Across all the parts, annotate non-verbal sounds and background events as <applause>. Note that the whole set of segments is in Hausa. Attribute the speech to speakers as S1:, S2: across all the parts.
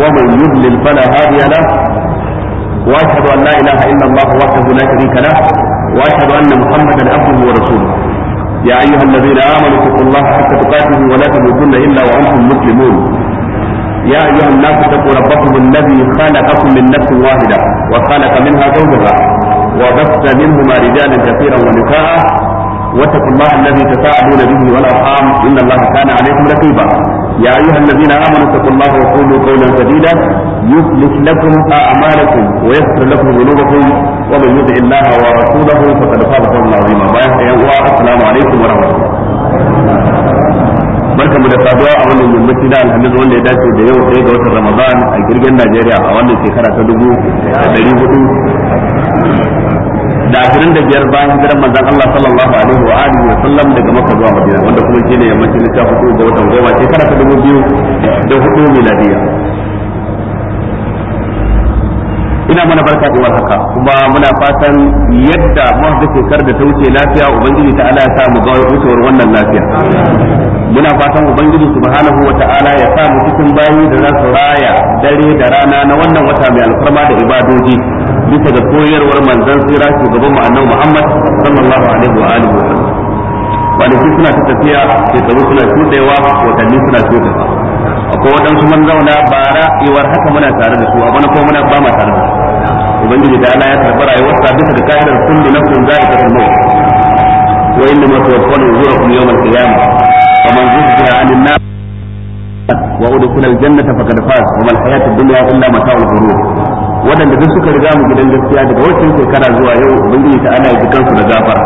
S1: ومن يضلل فلا هادي له واشهد ان لا اله الا الله وحده لا شريك له واشهد ان محمدا عبده ورسوله يا ايها الذين امنوا اتقوا الله حق تقاته ولا تموتن الا وانتم مسلمون يا ايها الناس اتقوا ربكم الذي خلقكم من نفس واحده وخلق منها زوجها وبث منهما رجالا كثيرا ونساء واتقوا الله الذي تساءلون به والارحام ان الله كان عليكم رقيبا يا أيها الذين آمنوا اتقوا الله وقولوا قولا سديدا يصلح لكم أعمالكم ويغفر لكم ذنوبكم ومن يطع الله ورسوله فقد فاز فوزا عظيما السلام عليكم ورحمة الله barkan mu da saduwa a wannan yammaci da alhamis wanda ya dace da yau ɗaya ga watan ramadan a girgin najeriya a wannan shekara ta dubu da ɗari hudu da ashirin da biyar bayan hijiran manzon Allah sallallahu alaihi wa alihi wa sallam daga Makka zuwa Madina wanda kuma shine yammacin ta hudu ga watan goma shekara ta dubu biyu da hudu miladiya ina mana barka da war haka kuma muna fatan yadda muka shekar da ta wuce lafiya ubangiji ta Allah ya sa mu ga wucewar wannan lafiya muna fatan ubangiji subhanahu wa ta'ala ya sa mu cikin bayi da za su raya dare da rana na wannan wata mai alfarma da ibadoji bisa ga koyarwar manzon sira shugaban mu annabi Muhammad sallallahu alaihi wa alihi wa sallam kwanaki suna ta tafiya shekaru suna shuɗewa watanni suna tudewa akwai waɗansu man zauna bara iwar haka muna tare da su a bana ko muna ba ma tare da su ubangiji da Allah ya karɓi rayuwarsa bisa ga ka'idar kullu nafsin za'iqatul maut wa inna ma tuwaffawna ujurakum yawmal qiyamah faman zuhziha 'anil nar wa udkhila al-jannata faqad faz wa ma al-hayatu dunya illa mata'ul ghurur waɗanda duk suka riga mu gidan gaskiya daga wancan shekara zuwa yau ubangiji ta ana jikan su da gafara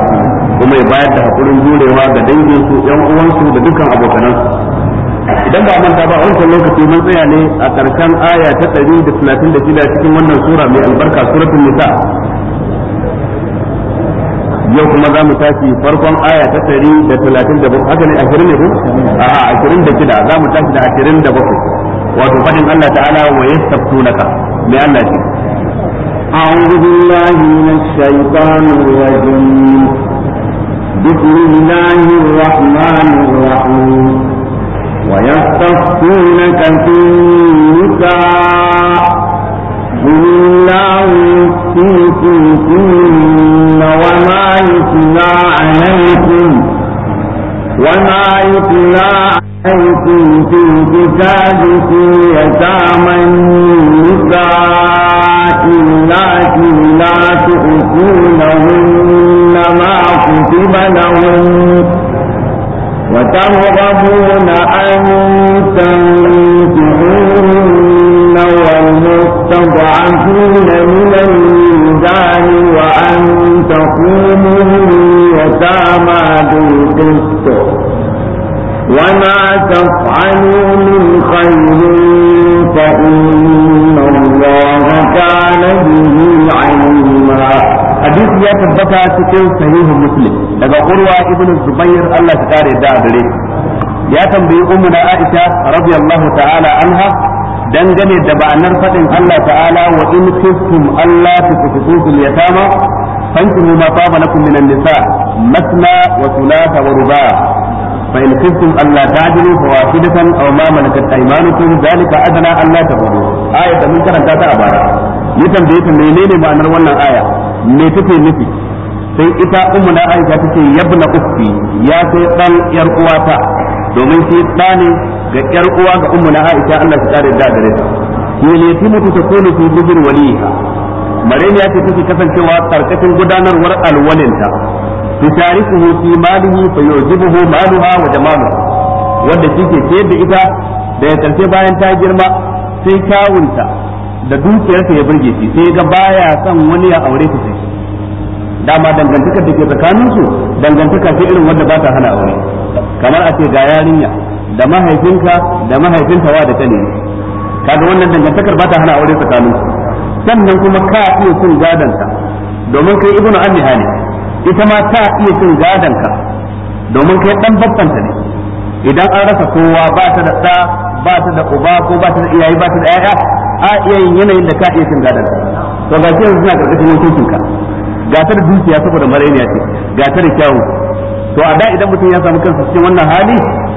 S1: kuma ya bayar da hakurin jurewa ga dangin su yan uwansu da dukkan abokanansu. su idan ba manta ba wancan lokaci mun tsaya ne a karshen aya ta 136 cikin wannan sura mai albarka suratul nisa yau kuma za mu tashi farkon aya ta tari da talatin da bakwai haka ne ashirin ne ko a ashirin da shida za mu tashi da ashirin da bakwai wato faɗin Allah
S2: ta'ala wa yastaftunaka بأن أعوذ بالله من الشيطان الرجيم بسم الله الرحمن الرحيم ويستخفونك في النساء قل الله يفتيكم فيهن وما يتلى عليكم وما يتلى أيكم في كتابكم يتامى النساء اللاتي لا تؤتونهن ما كتب لهن وترغبون أن تنكحوهن والمستضعفين من الإنسان وأن تقوموا يتامى بالقسط وما تفعلوا من خير فإن الله كان به علما حديث يا تبتا سكين صحيح مسلم لقد قروا ابن الزبير الله تعالى
S1: دابري يا تنبي أمنا عائشة رضي الله تعالى عنها dangane da ba'anar faɗin Allah ta'ala wa in kuntum Allah tukutu fil yatama fankumu ma fa'alakum min an-nisa matna wa thulatha wa ruba' فإن خفتم ألا تعدلوا فواحدة أو ما ملكت أيمانكم ذلك أدنى ألا تقولوا آية من كانت ذات أبارة يتم بيت منين ما نرونا sai ita ummu na aisha yabna ukti ya sai dan yar uwata domin shi ga yar uwa ga ummu na aisha Allah ya kare da gare ta ne ne ti mutu fi bujur waliha mare ne ce take kasancewa karkashin gudanarwar alwalinta bitarikihi fi malihi fa yujibuhu maluha wa jamalu wanda kike ce da ita da ya karshe bayan ta girma sai kawunta da dukiyarta ya burge shi sai ga baya son wani ya aure ta sai dama dangantakar da ke tsakanin su dangantaka ce irin wanda ba ta hana aure kamar a ce ga yarinya da mahaifinka da mahaifinta wa da kane kaga wannan dangantakar ba ta hana aure tsakanin sannan kuma ka iya cin gadon ta domin kai ibnu annihani ne ita ma ta iya cin gadon ka domin kai dan babbanta ne idan an rasa kowa ba ta da ɗa ba ta da uba ko ba ta da iyaye ba ta da ƴaƴa a iya yin yanayin da ka iya cin gadon ka to ga shi yanzu na karkashin hukuncin ka ga ta da dukiya saboda marainiya ce ga ta da kyawu to a da idan mutum ya samu kansa cikin wannan hali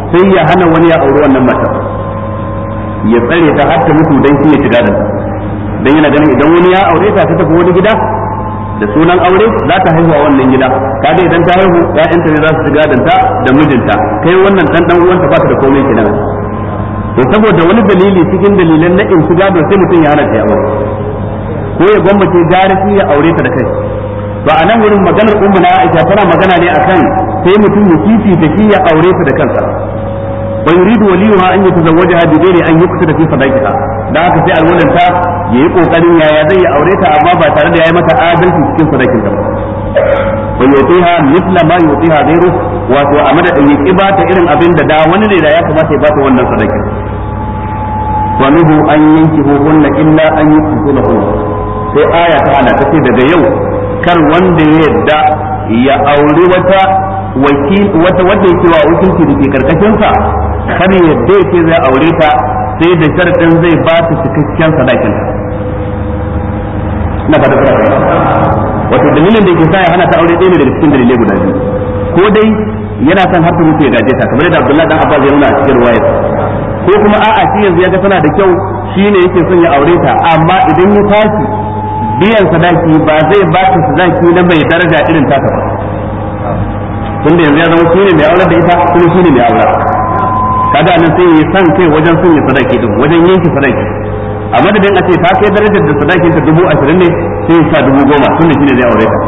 S1: sai ya hana wani ya auri wannan matar ya tsare ta har ta mutu dan shi ya dan yana ganin idan wani ya aure ta ta tafi wani gida da sunan aure za ta haihuwa wannan gida kaga idan ta haihu ƴaƴanta ne za su shiga danta da mijinta kai wannan dan dan uwanta ba ta da komai kenan to saboda wani dalili cikin dalilan na in shiga don sai mutum ya hana ta aure ko ya gwammace garifi ya aure ta da kai ba a nan wurin maganar ummu na Aisha tana magana ne akan sai mutum ya kifi shi ya aure ta da kansa wa yuridu waliyuha an yatazawwajaha bi ghairi an yuqsida fi sadaqiha da haka sai alwalin ta yayi kokarin yaya zai ya aure ta amma ba tare da yayi mata adalci cikin sadakin ta ba wa yutiha mithla ma yutiha ghairu wato a madadin yake kiba ta irin abin da da wani ne da ya kamata ya bata wannan sadakin wa nuhu an yanki hunna illa an yuqsida hunna sai aya ta ana tace daga yau kar wanda ya yadda ya auri wata wakil wata wanda yake wa wakilci da ke karkashin sa kar ya dai ce zai aure ta sai da sharɗin zai ba ta cikakken sadakin na ba da wato dalilin da ke sa hana ta aure ɗaya ne daga cikin dalilai guda biyu ko dai yana son har ta mutu ya gaje ta kamar da Abdullahi dan Abbas ya nuna a cikin ruwaya ko kuma a'a shi yanzu ya ga tana da kyau shine yake son ya aure ta amma idan ya tashi biyan sadaki ba zai ba ta sadaki na mai daraja irin ta ba tunda yanzu ya zama ne mai aure da ita kuma ne mai aure kada nan sai yi san kai wajen sun yi sadaki din wajen yanki sadaki a madadin a ce ta kai darajar da sadakin ta dubu ashirin ne sai sa dubu goma sun shi ne zai aure ta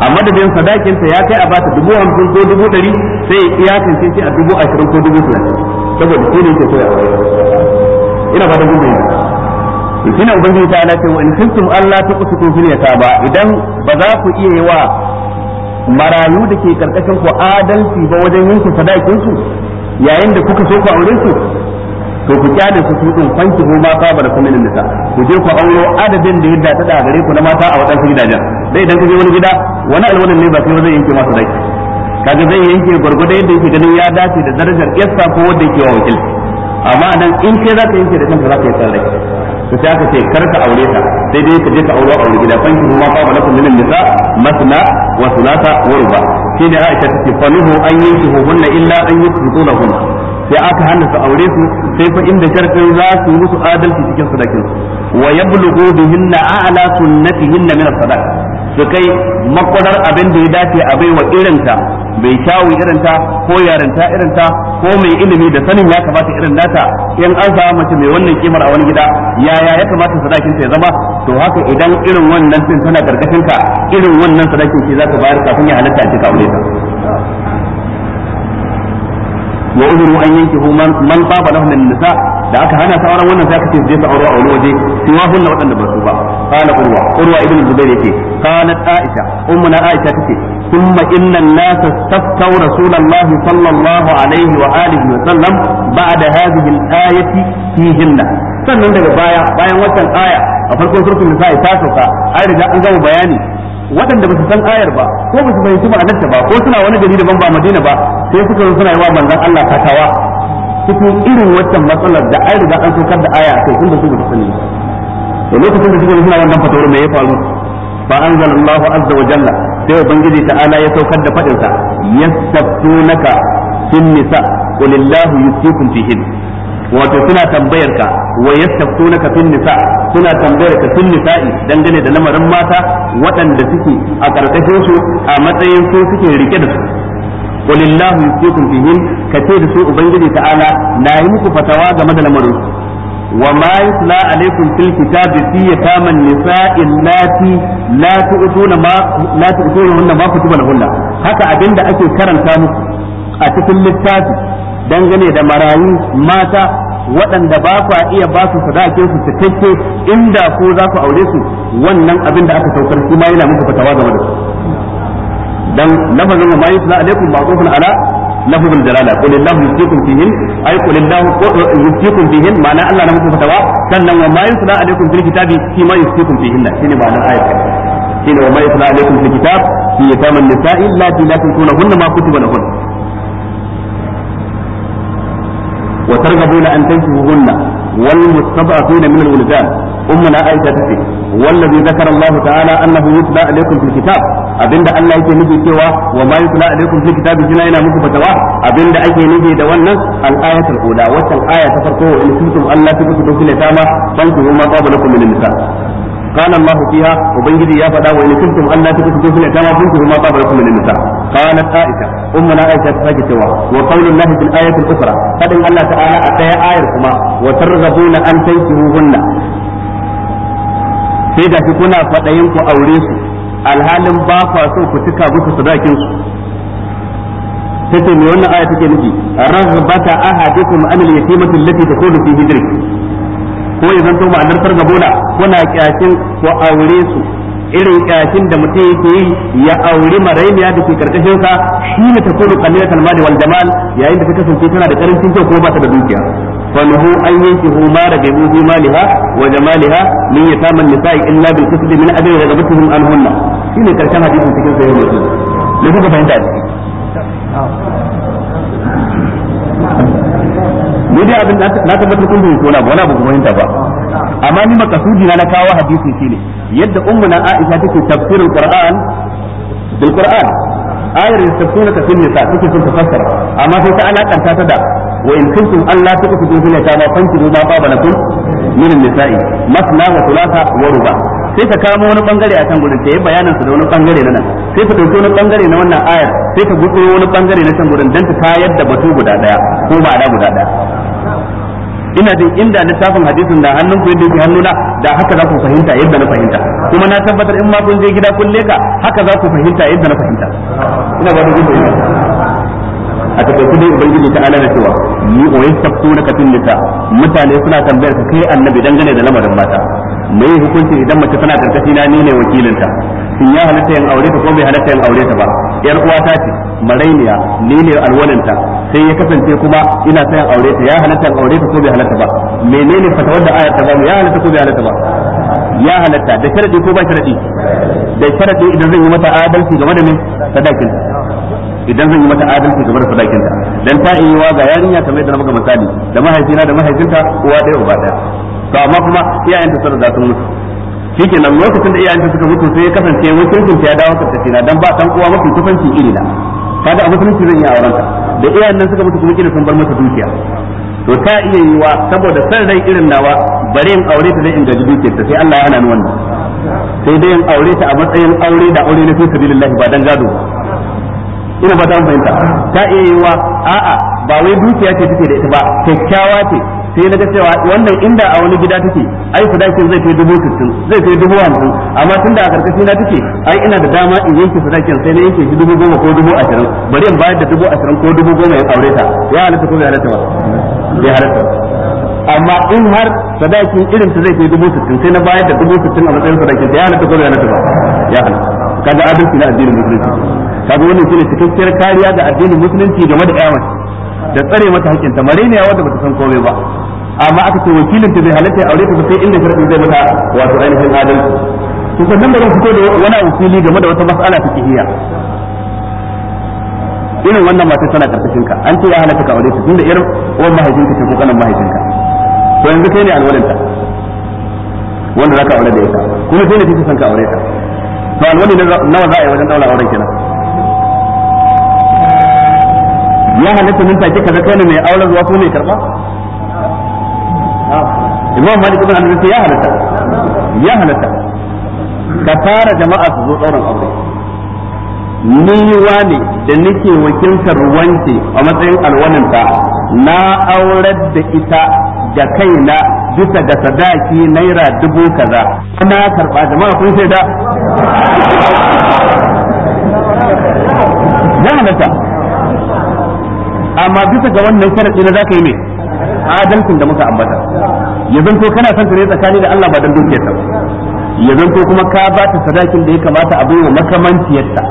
S1: a madadin sadakin ta ya kai a bata dubu hamsin ko dubu ɗari sai ya kance shi a dubu ashirin ko dubu talatin saboda shi ne ke so ya aure ina fatan kun fahimta shi ubangiji ta ala ce wa in kuntum Allah ta kusutu ya yataba idan ba za ku iya yi wa marayu da ke karkashin ku adalci ba wajen yanke sadakin su yayin da kuka so ku aure su to ku kyale su tudin fanki mu ma saba da kullin nisa ku je ku auro adadin da yadda ta da gare ku na mata a wadansu gidajen dai idan ka je wani gida wani alwalan ne ba sai ba zai yanke masa dai kaga zai yanke gurgurda yadda yake ganin ya dace da darajar yassa ko wanda yake wa wakil amma nan in kai za ka yanke da kanka za ka yi tsare to sai ka ce kar ka aure ta sai dai ka je ka aure aure gida fanki kuma fa ba lakum minan nisa masna wa thulatha wa ruba shine Aisha take fanuhu an yankihu hunna illa an yusbitu hunna sai aka hana su aure su sai fa inda sharfin za su yi musu adalci cikin sadakin wa yablughu bihinna a'la sunnatihinna min as-sadaq su kai makwadar abin da ya dace a baiwa irinta mai kyawu irin ta ko yarinta irin ta ko mai ilimi da sanin ya kamata irin nata in an samu mace mai wannan kimar a wani gida yaya ya kamata sadakin ta ya zama to haka idan irin wannan din tana karkashin ka irin wannan sadakin ke zaka bayar kafin ya halatta ki kawo ta wa uhiru an yankihu man saba lahum min nisa da aka hana sa auren wannan sai aka ce zai aure a wani waje sai wa hunna wadanda ba su ba qala urwa urwa ibn zubair yake qalat aisha ummuna aisha take ثم إن الناس استفتوا رسول الله صلى الله عليه وآله وسلم بعد هذه الآية فيهن sannan daga baya bayan watan aya a farkon surkun nisa ta sauka an riga an gama bayani waɗanda ba su san ayar ba ko ba su fahimci ma'anarta ba ko suna wani gari daban ba madina ba sai suka zo suna yi wa manzon Allah katawa cikin irin waccan matsalar da an riga an saukar da aya a kai da su ba su sani da lokacin da suka suna wannan fatawar me ya faru fa anzal Allahu azza wa jalla sai ubangiji ta'ala ya saukar da fadin sa yastaftunaka sun nisa qulillahu yuftikum fihin wato suna tambayar ka wa yastaftunaka fin nisa suna tambayar ka fin nisa'i dangane da lamarin mata waɗanda suke a karkashin su a matsayin su suke rike da su qulillahu yuftikum fihin kace da su ubangiji ta'ala na yi muku fatawa game da lamarin su وما يتلى عليكم في الكتاب في يتامى النساء اللاتي لا تؤتون ما لا تؤتونهن ما كتب لهن haka abin ake karanta muku a cikin littafi dangane da marayu mata waɗanda ba ku iya ba su sadakin su cikakke inda ko za ku aure su wannan abin da aka saukar shi ma yana muku fatawa game da su dan lafazin ma yusla alaikum ma'rufun ala lafzul jalala qul illahu yusikum ay qul yusikum Allah na muku fatawa sannan wa ma yusla alaikum fil kitabi fi ma yusikum shine ayat shine wa ma yusla fil kitab fi allati la ma kutiba والمستضعفين من الولدان أمنا عائشة تسي والذي ذكر الله تعالى أنه يتلى عليكم في الكتاب أبند أن لا يكي نبي سوى وما يتلى عليكم في الكتاب جنا إلى مكبة واحد أبند أكي نبي دولنا الآية الأولى وتى الآية تفرقه إن كنتم أن لا تكتبوا في اليتامى فانكحوا ما طاب لكم من النساء قال الله فيها وبنجد يا فدا وإن كنتم أن لا تكتبوا في الأيتام فانكحوا ما طاب لكم من النساء قالت عائشة أمنا عائشة تفاجئ سوا وقول الله في الآية الأخرى قد الله تعالى أتى آيركما وترغبون أن تنكحوهن sai da shi kuna faɗayin ku aure su alhalin ba kwa so ku cika musu sadakin su tace me wannan aya take nufi raghbata ahadikum an al-yatimati allati takunu fi hijri ko ya zanto ma'anar fargabona kuna kyashin ku aure su irin kyashin da mutum yake yi ya auri maraimiya da ke karkashin sa shi ne ta kullu qalilatan mali wal jamal yayin da ta kasance tana da karancin kyau ko ba ta da dukiya فنهوا أن ينكحوا ما رغبوا في مالها وجمالها من يتام النساء إلا بالكسب من أبي رغبتهم عنهن. في كرشان حديث في كل يوم. لذلك فهمت ni dai abin na tabbatar kun bai kona ba wala ba kuma yinta ba amma ni makasudi na na kawo hadisi shine yadda na Aisha take tafsirin Qur'an bil Qur'an ayar ta fil nisa take sun fassara amma sai ta alakanta ta da wa in kuntum Allah ba fil ba ma fantidu ma qabalakum min nisa'i masna wa thulatha wa ruba sai ta kamo wani bangare a can gurin ta yi bayanin su da wani bangare na nan sai ta dauki wani bangare na wannan ayar sai ta gudu wani bangare na can gurin dan ta tayar da batu guda daya ko ba da guda daya ina jin inda littafin hadisin da hannun ku yadda yake na da haka za ku fahimta yadda na fahimta kuma na tabbatar in ma kun je gida kun leka haka za ku fahimta yadda na fahimta ina ba ku fahimta a takaice dai ubangiji ta alana cewa yi wa na kafin nisa mutane suna tambayar ka kai annabi dangane da lamarin mata me yi hukunci idan mace tana karkashi na ni ne wakilinta shin ya halatta yin aure ta ko bai halatta yin aure ta ba yar uwata ce marainiya ni ne alwalinta sai ya kasance kuma ina sayan aure ta ya halatta aure ta ko bai halatta ba menene fatawar da ayar ta ba ya halatta ko bai halatta ba ya halatta da sharadi ko ba sharadi da sharadi idan zan yi mata adalci game da me sadakin idan zan yi mata adalci game da sadakin ta dan ta yi wa ga yarinya kamar da na misali da mahaifina da mahaifinta uwa ɗaya uba ɗaya to amma kuma ta sun da sun mutu shikenan lokacin da ta suka mutu sai ya kasance wakilcin ta ya dawo karkashi na dan ba dan uwa mafi kusanci iri na kaga a musulunci zan yi auren ta. da iyayen nan suka mutu kuma kina sun bar masa dukiya to ta iya yiwa saboda san rai irin nawa bare in aure ta zai in gaji dukiyar ta sai Allah ya hana ni wannan sai dai in aure ta a matsayin aure da aure na fi sabilillah ba dan gado ina ba ta fahimta ta iya yiwa a'a ba wai dukiya ce take da ita ba kyakkyawa ce sai na ga cewa wannan inda a wani gida take ai sadakin zai kai dubu sittin zai kai dubu hamsin amma tun da a karkashin na take ai ina da dama in yanke sadakin sai na yanke shi dubu goma ko dubu ashirin bari in bayar da dubu ashirin ko dubu goma ya aure ta ya halatta ko bai halatta ba bai halatta amma in har sadakin irin ta zai kai dubu sittin sai na bayar da dubu sittin a matsayin sadakin sai ya halatta ko bai halatta ba ya halatta kaga adalci na addinin musulunci kaga wannan shine cikakkiyar kariya ga addinin musulunci game da ƴaƴa da tsare mata hakkin ta ya wanda bata san komai ba amma aka ce wakilin ta bai halatta aure ta ba sai inda sharadin zai mata wato ainihin adalci to sannan da zan fito da wani wakili game da wata mas'ala ta kihiya irin wannan mata tana karkashin ka an ce ya halatta ka aure ta tunda irin uwan mahaifinka ce ko kanan mahaifinka to yanzu kai ne alwalinta wanda zaka aure da ita kuma sai ne kike san ka aure ta to alwali nawa za a yi wajen daura auren kenan ya halatta nan take kaza kai ne mai aure zuwa ko mai karba imam malik ibn anas ya halatta ya halatta ka fara jama'a su zo dauran aure ni wani da nake wakiltar wance a matsayin ta na aurar da ita ga kaina bisa ga sadaki naira dubu kaza na karba jama'a kun sai da ya halatta amma bisa ga wannan sharadi na zaka yi ne adalcin da muka ambata ya zanto kana son ta ne tsakani da Allah ba dan dukiyar ta ya zanto kuma ka ba ta sadakin da ya kamata a baiwa makamanciyar ta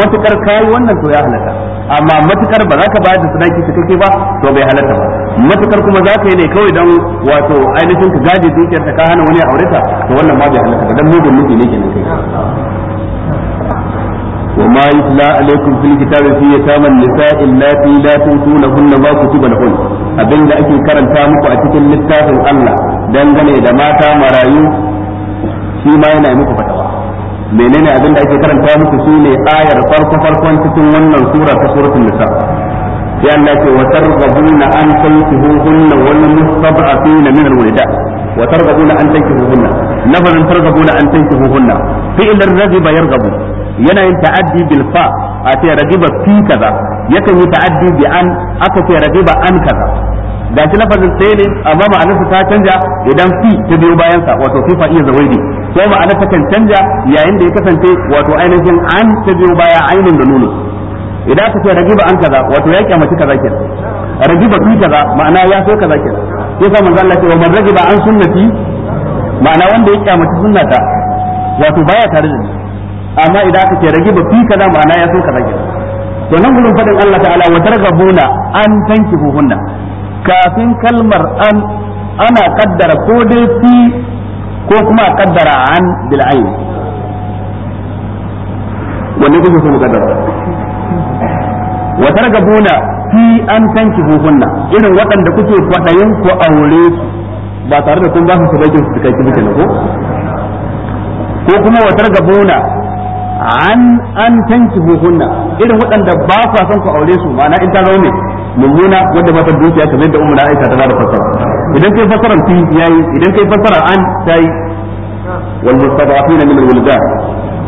S1: matukar kai wannan to ya halaka amma matukar ba za ka bayar da sadaki ta kake ba to bai halarta ba matukar kuma za ka yi ne kawai dan wato ainihin ka gaje dukiyar ta ka hana wani aureta to wannan ma bai halatta ba dan mugun miji ne kenan kai وما يتلى عليكم في الكتاب في يتامى النساء اللاتي لا تؤتونهن ما كتب لهن abin da ake karanta muku a cikin littafin Allah dangane da mata marayu shi ma yana muku fatawa menene abin da ake karanta muku shine ayar farko farkon cikin wannan sura ta suratul nisa ya Allah ce wa targhabuna an tankihuhunna wal mustad'afina min al wulida wa targhabuna an tankihuhunna lafazin targhabuna an tankihuhunna fi'l raghiba yarghabu yana yin ta'addi bil fa a ce ragiba fi kaza yakan yi ta'addi bi an aka ce ragiba an kaza ga shi lafazin sai ne amma ma'anarsa ta canja idan fi ta biyo bayan sa wato fi fa iya zawaidi ko ma'anar ta kan canja yayin da ya kasance wato ainihin an ta biyo baya ainin da nunu idan aka ce ragiba an kaza wato ya kyamaci kaza kenan ragiba fi kaza ma'ana ya so kaza kenan yasa manzo Allah ce wa man ragiba an sunnati ma'ana wanda ya kyamaci sunnata wato baya tare da ni amma idan aka ce ragiba fi kaza ma'ana ya so ka kenan to nan gurin fadin Allah ta'ala wa targabuna an tankihuhunna kafin kalmar an ana kaddara ko dai fi ko kuma a kaddara an bil ayn wanda kuke so mu kaddara wa targabuna fi an tankihuhunna irin waɗanda kuke fadayin ku aure su ba tare da kun ba su sabakin su kai kike ko ko kuma wa targabuna an an tanki hunna irin waɗanda ba sa son ku aure su ma'ana in ta ne mummuna wanda mata dukiya kamar da umma aisha ta da fassara idan kai fassara ti yayi idan kai fassara an tayi wal mustadafin min al wuldan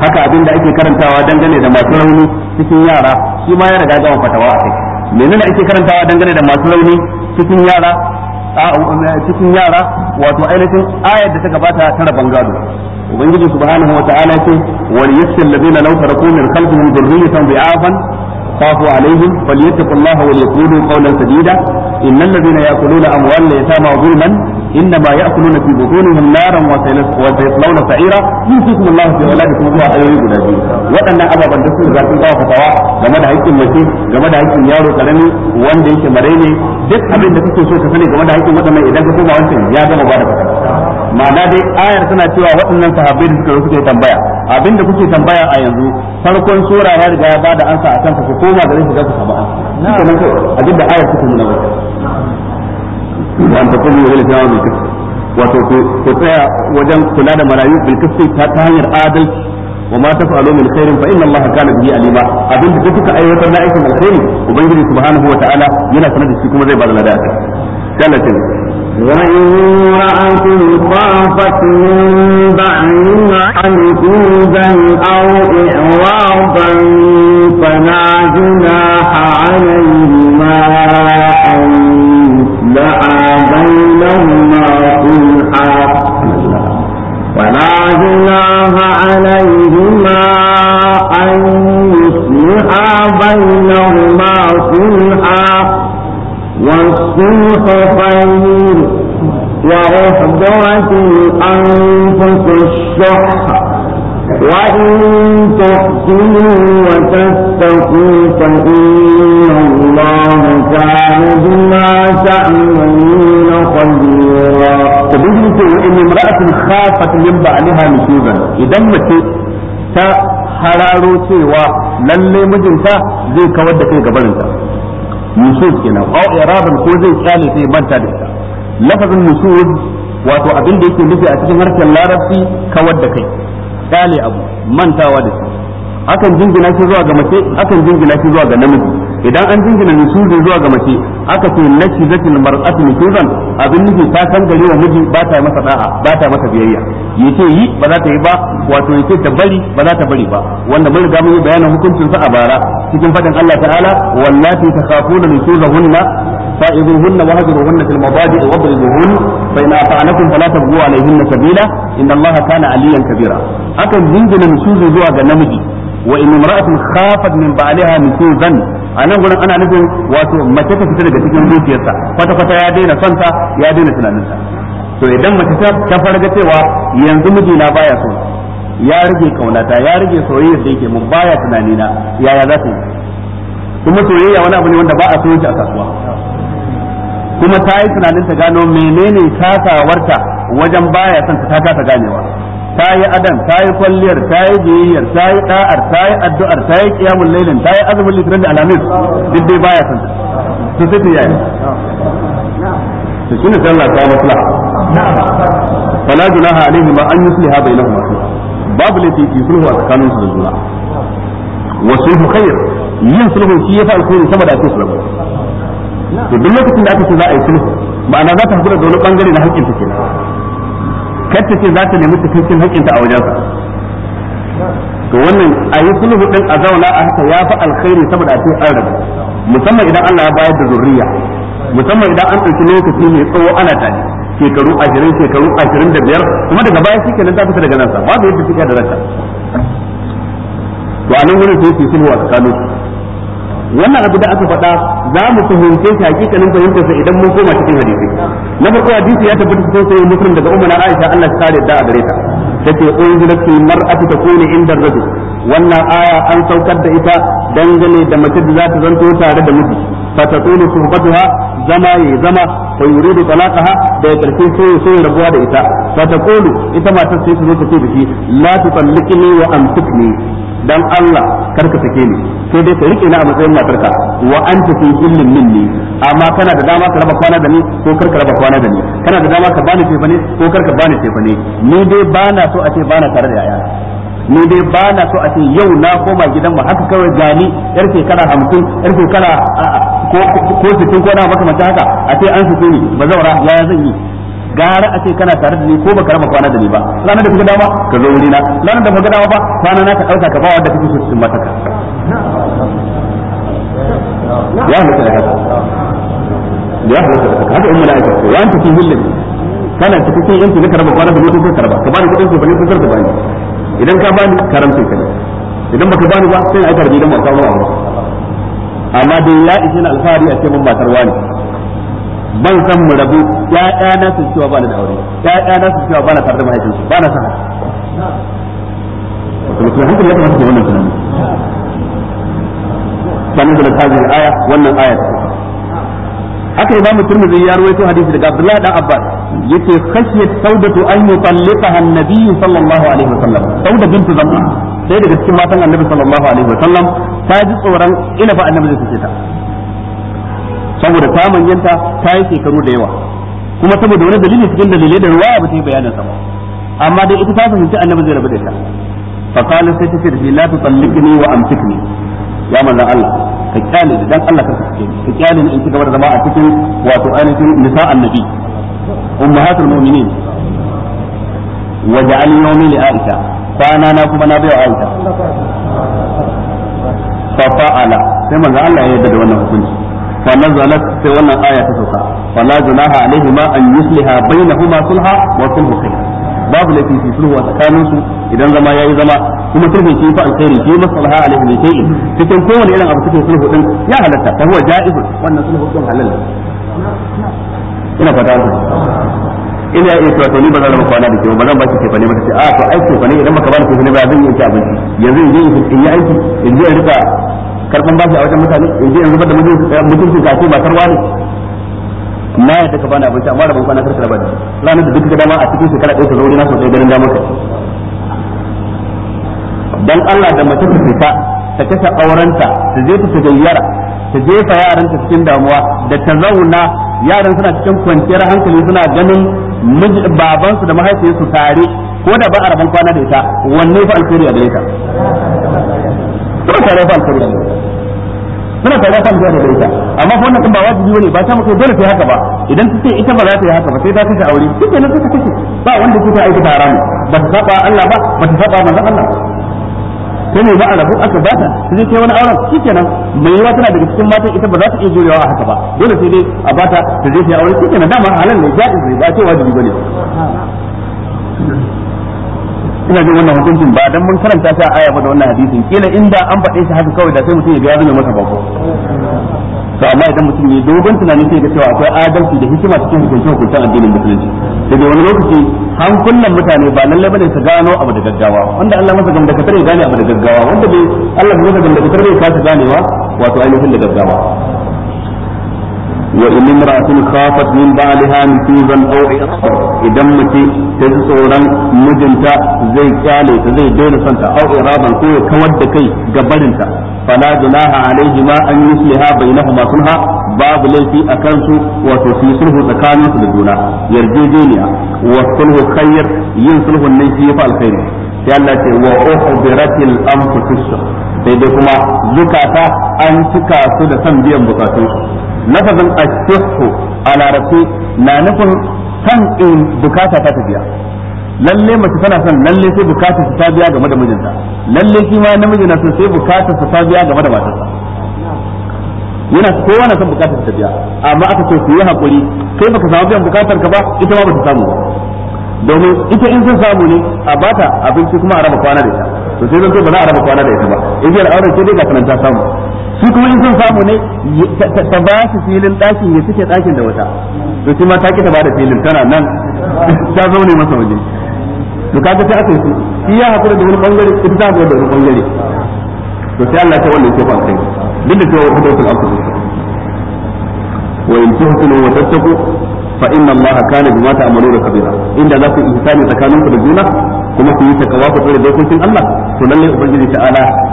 S1: haka abinda ake karantawa dangane da masu rauni cikin yara shi ma ya riga gama fatawa a kai menene ake karantawa dangane da masu rauni cikin yara um, cikin yara wato ainihin ayar da ta gabata tara bangado ubangiji subhanahu wa ta'ala ce wal yassir ladina law taraku min khalfihim dhurriyatan bi'afan خافوا عليهم wal yaqulu qawlan sadida innal ladina yaquluna يأكلون la اليتامى ظلما إنما يأكلون في بطونهم نارا وسيصلون سعيرا يوصيكم الله في أولادكم zuwa ayoyi guda biyu waɗannan ababen da suka zafin kawo fatawa game da haƙƙin mace game da haƙƙin yaro karami wanda yake marai ne duk abin da kake so ka sani game da haƙƙin waɗannan idan ka koma wancan ya gama ba da ma'ana dai ayar tana cewa waɗannan sahabbai da suka zo suka yi tambaya abin da kuke tambaya a yanzu farkon sura ya riga ya bada ansa a kansa ku koma gare shi za ku samu ansa abin da ayar suka nuna wata an ta kuma yi ta mai wato ku tsaya wajen kula da marayu bil ta hanyar adalci wa ma tafa'alu min khairin fa inna Allah kana bihi alima abin da kuka aiwatar na aikin alkhairi ubangiji subhanahu wa ta'ala
S2: yana sanar da shi kuma zai ba da ladan kana وإن امرأة خافت من بعدها أو إعراضا فلا جناح عليهما بينهما صلحا والصلح خير وأحضرت الأنفس الشح وإن تحسنوا وتتقوا فإن الله كان بما تعملون خبيرا تبين إن امرأة خافت من بعدها نشوزا إذا متى ta hararo
S1: cewa lalle mijinta zai kawar da kai gabarinta nusuz kenan aw iraban ko zai kyale sai manta da ita lafazin yusuf wato abin da yake nufi a cikin harshen larabci kawar da kai kyale abu mantawa da shi akan jingina shi zuwa ga mace akan jingina shi zuwa ga namiji idan an jingina yusuf zuwa ga mace aka ce nashizatil mar'atu nusuzan abin nufi ta san wa miji ba ta masa da'a ba ta masa biyayya yace yi ba za ta yi ba wato yace ta bari ba za ta bari ba wanda mun riga mun yi bayanin hukuncin sa a bara cikin fadin Allah ta'ala wallati takhafuna nusuzahunna فائذوهن وهجروهن في المضاجع واضربوهن فإن أطعنكم فلا تبغوا عليهن سبيلا إن الله كان عليا كبيرا أكن زنجل نشوز زوا نمجي وإن امرأة خافت من baliha نشوزا a nan gurin ana nufin wato mace ta fita daga cikin zuciyarsa kwata kwata ya daina sonta ya daina tunaninsa to idan mace ta farga cewa yanzu mijina baya so ya rage kaunata ya rage soyayya da yake mun baya tunanina yaya za ta yi kuma soyayya wani abu ne wanda ba a so shi a kasuwa kuma ta yi tunanin ta gano menene kasawarta wajen baya son ta ta kasa ganewa ta yi adan ta yi kwalliyar ta yi biyayyar ta yi da'ar ta yi addu'ar ta yi kiyamun lailin ta yi azumin litinin da alamis duk dai baya san su sai ta yi
S3: to shine sallah ta ya maslaha fala gunaha alaihi ma an yusliha bainahuma babu
S1: laifi fi sulhu a tsakanin su da juna wa sulhu khair yin sulhu shi yafi alkhairi sama da ake sulhu to duk lokacin da aka ce za a yi sulhu ma'ana za ta hakura da wani bangare na hakkin su kenan kar ta ce za ta nemi cikakken haƙƙinta a wajen wajensa to wannan a yi sulhu din a zauna a haka ya fi alkhairi saboda a ce an rabu musamman idan Allah ya bayar da zurriya musamman idan an ɗauki lokaci mai tsawo ana tare shekaru ashirin shekaru ashirin da biyar kuma daga baya shi kenan ta fita daga nan sa babu yadda take da rata to a nan wurin sai su sulhu a tsakaninsu wannan abu da aka faɗa za mu fahimce shi hakikanin fahimtarsa idan mun koma cikin hadisi na farko hadisi ya tabbata sun sai musulun daga umma Aisha Allah ta kare da a gare ta tace unzilat fil ta takunu inda ar wannan aya an saukar da ita dangane da mace da za ta zanto tare da miji su suhbatuha zama ya zama fa da talaqaha da ya karfi so so rabuwa da ita fatakulu ita matar sai su zo ta ce da shi la tutalliqni wa amsikni dan Allah karka sake ni sai dai ka rike ni a matsayin matarka wa anta fi illin minni amma kana da dama ka raba kwana da ni ko karka raba kwana da ni kana da dama ka bani tefa ne ko karka bani tefa ne ni dai bana so a ce bana tare da yaya ni dai bana so a ce yau na koma gidan mu haka kawai gani yar shekara 50 yar shekara ko ko ko na maka haka a ce an fito ni bazawara yaya zan yi gara a ce kana tare da ni ko baka rama kwana da ni ba lana da kuka dama ka zo wurina lana da kuka dama ba kwana na ka dauka ka ba wanda kake so cikin mataka
S3: ya halatta da haka ya halatta da haka haka in mala'ika ko ya
S1: anta fi hillin kana cikin yanki na karba kwana da ni ko karba ka bani kudin ko bani ko karba bani idan ka bani karamce ka ne idan baka bani ba sai aika da ta masu amma dai ya ishe na alfahari a ce mun matar wani ban san mu rabu ya ya na su cewa ba da aure ya ya na su cewa ba na tare da mahaifinsu ba na san mutum da wannan tunani aya wannan aya ta haka imamu turmizi ya ruwaito hadisi daga abdullahi dan abbas yace khashiyat saudatu an yutalliqaha an-nabiy sallallahu alaihi wasallam sauda bint zamma sai daga cikin matan annabi sallallahu alaihi wasallam ta ji tsoron ina fa annabi zai kace ta saboda ta manyanta ta yi shekaru da yawa kuma saboda wani dalili cikin dalilai da ruwa ba ta yi bayanin sa ba amma dai ita ta fahimci annabi zai rabu da ta fa qala sai ta ce da la tusallikni wa amsikni ya manzon Allah ka kyale da dan Allah ka sake ni ka kyale ni in ci gaba da zama a cikin wato ainihin nisa annabi ummahatul mu'minin wa ja'al yawmi li aisha kwana na kuma na bayo aisha fa fa'ala sai manzon Allah ya yarda da wannan hukunci fa nazalat sai wannan aya ta sauka fa la junaha alaihima an fi sulhu tsakanin su idan zama ya ta ce a to in yi aiki in in rika karfin bashi a wajen mutane yanzu yanzu eh, ba da mutunci ka ce ba tarwa ne na yadda ka bani abinci amma da ban kwana karkar ba ranar da duk da dama a cikin shekara ɗaya ta zauri na sosai ganin damar ka dan Allah da mace ta fita ta kashe aurenta ta je ta tagayyara ta jefa yaranta cikin damuwa da ta zauna yaran suna cikin kwanciyar hankali suna ganin babansu da mahaifiyarsu tare ko da ba a rabon kwana da ita wanne fa alkhairi a gare ta kuma tare da alkhairi ne kuma tare fa alkhairi da ita amma fa wannan din ba wajibi bane ba ta mutu dole sai haka ba idan ta ce ita ba za ta yi haka ba sai ta kashe aure shi kenan sai ta kashe ba wanda ke ta aikata haramu ba ta saba Allah ba ba ta saba manzon Allah sai ne ba a rabu aka ba ta sai dai kai wani auren shi kenan mai yawa tana daga cikin matan ita ba za ta iya jurewa a haka ba dole sai dai a ba ta ta je ta aure shi kenan dama halal ne jaiz ne ba ce wajibi bane ina jin wannan hukuncin ba dan mun karanta ta aya ba da wannan hadisin kila inda an faɗe shi haka kawai da sai mutum ya ga ya zama masa bako to amma idan mutum ne dogon tunani sai ga cewa akwai adalci da hikima cikin hukuncin hukuncin addinin musulunci daga wani lokaci hankulan mutane ba lalle bane su gano abu da gaggawa wanda Allah masa gamba katar ya gane abu da gaggawa wanda bai Allah masa gamda katar ya kasa ganewa wato ainihin da gaggawa وإن امرأة خافت من بعدها نشوزا أو إعراضا إذا متي تجسورا مجنتا زي كالي زي دين سنتا أو إعراضا كوي كود كي قبلنتا فلا جناح عليهما أن يصلها بينهما صلحا باب ليتي أكنسو وتوفي صلح تكانو سلجونا يرجيجينيا والصلح خير ينصلح النيسي فالخير يالله وأحضرت الأنفس الشر sai dai kuma zukata an cika su da san biyan bukatunsu lafazin ashihu a larabci na nufin san in bukata ta tafiya lalle mace tana son lalle sai bukata su ta biya game da mijinta lalle shi ma namiji na so sai bukata su ta biya game da matarsa yana kowa na son bukatar ta biya amma aka ce su yi hakuri kai baka samu biyan bukatar ka ba ita ma bata samu ba domin ita in sun samu ne a bata abinci kuma a raba kwana da ita to sai zan so ba za a raba kwana da ita ba ji auren ce dai ga kanan ta samu su kuma in sun samu ne ta ba su filin ɗakin ya suke ɗakin da wata to shi ma ta ki ta ba da filin tana nan <laughs> ta zaune masa waje to kaga ta aka yi shi ya hakura da wani bangare ita ta hakura da wani bangare to sai Allah ta wannan ko ba kai duk da cewa hukumar al-aqsa wa in tuhsinu wa tattaqu fa inna Allah kana bima ta'maluna kabira inda za ku ihsani tsakaninku da juna kuma ku yi takawa ku tsare dokokin Allah to lalle ubangiji ta'ala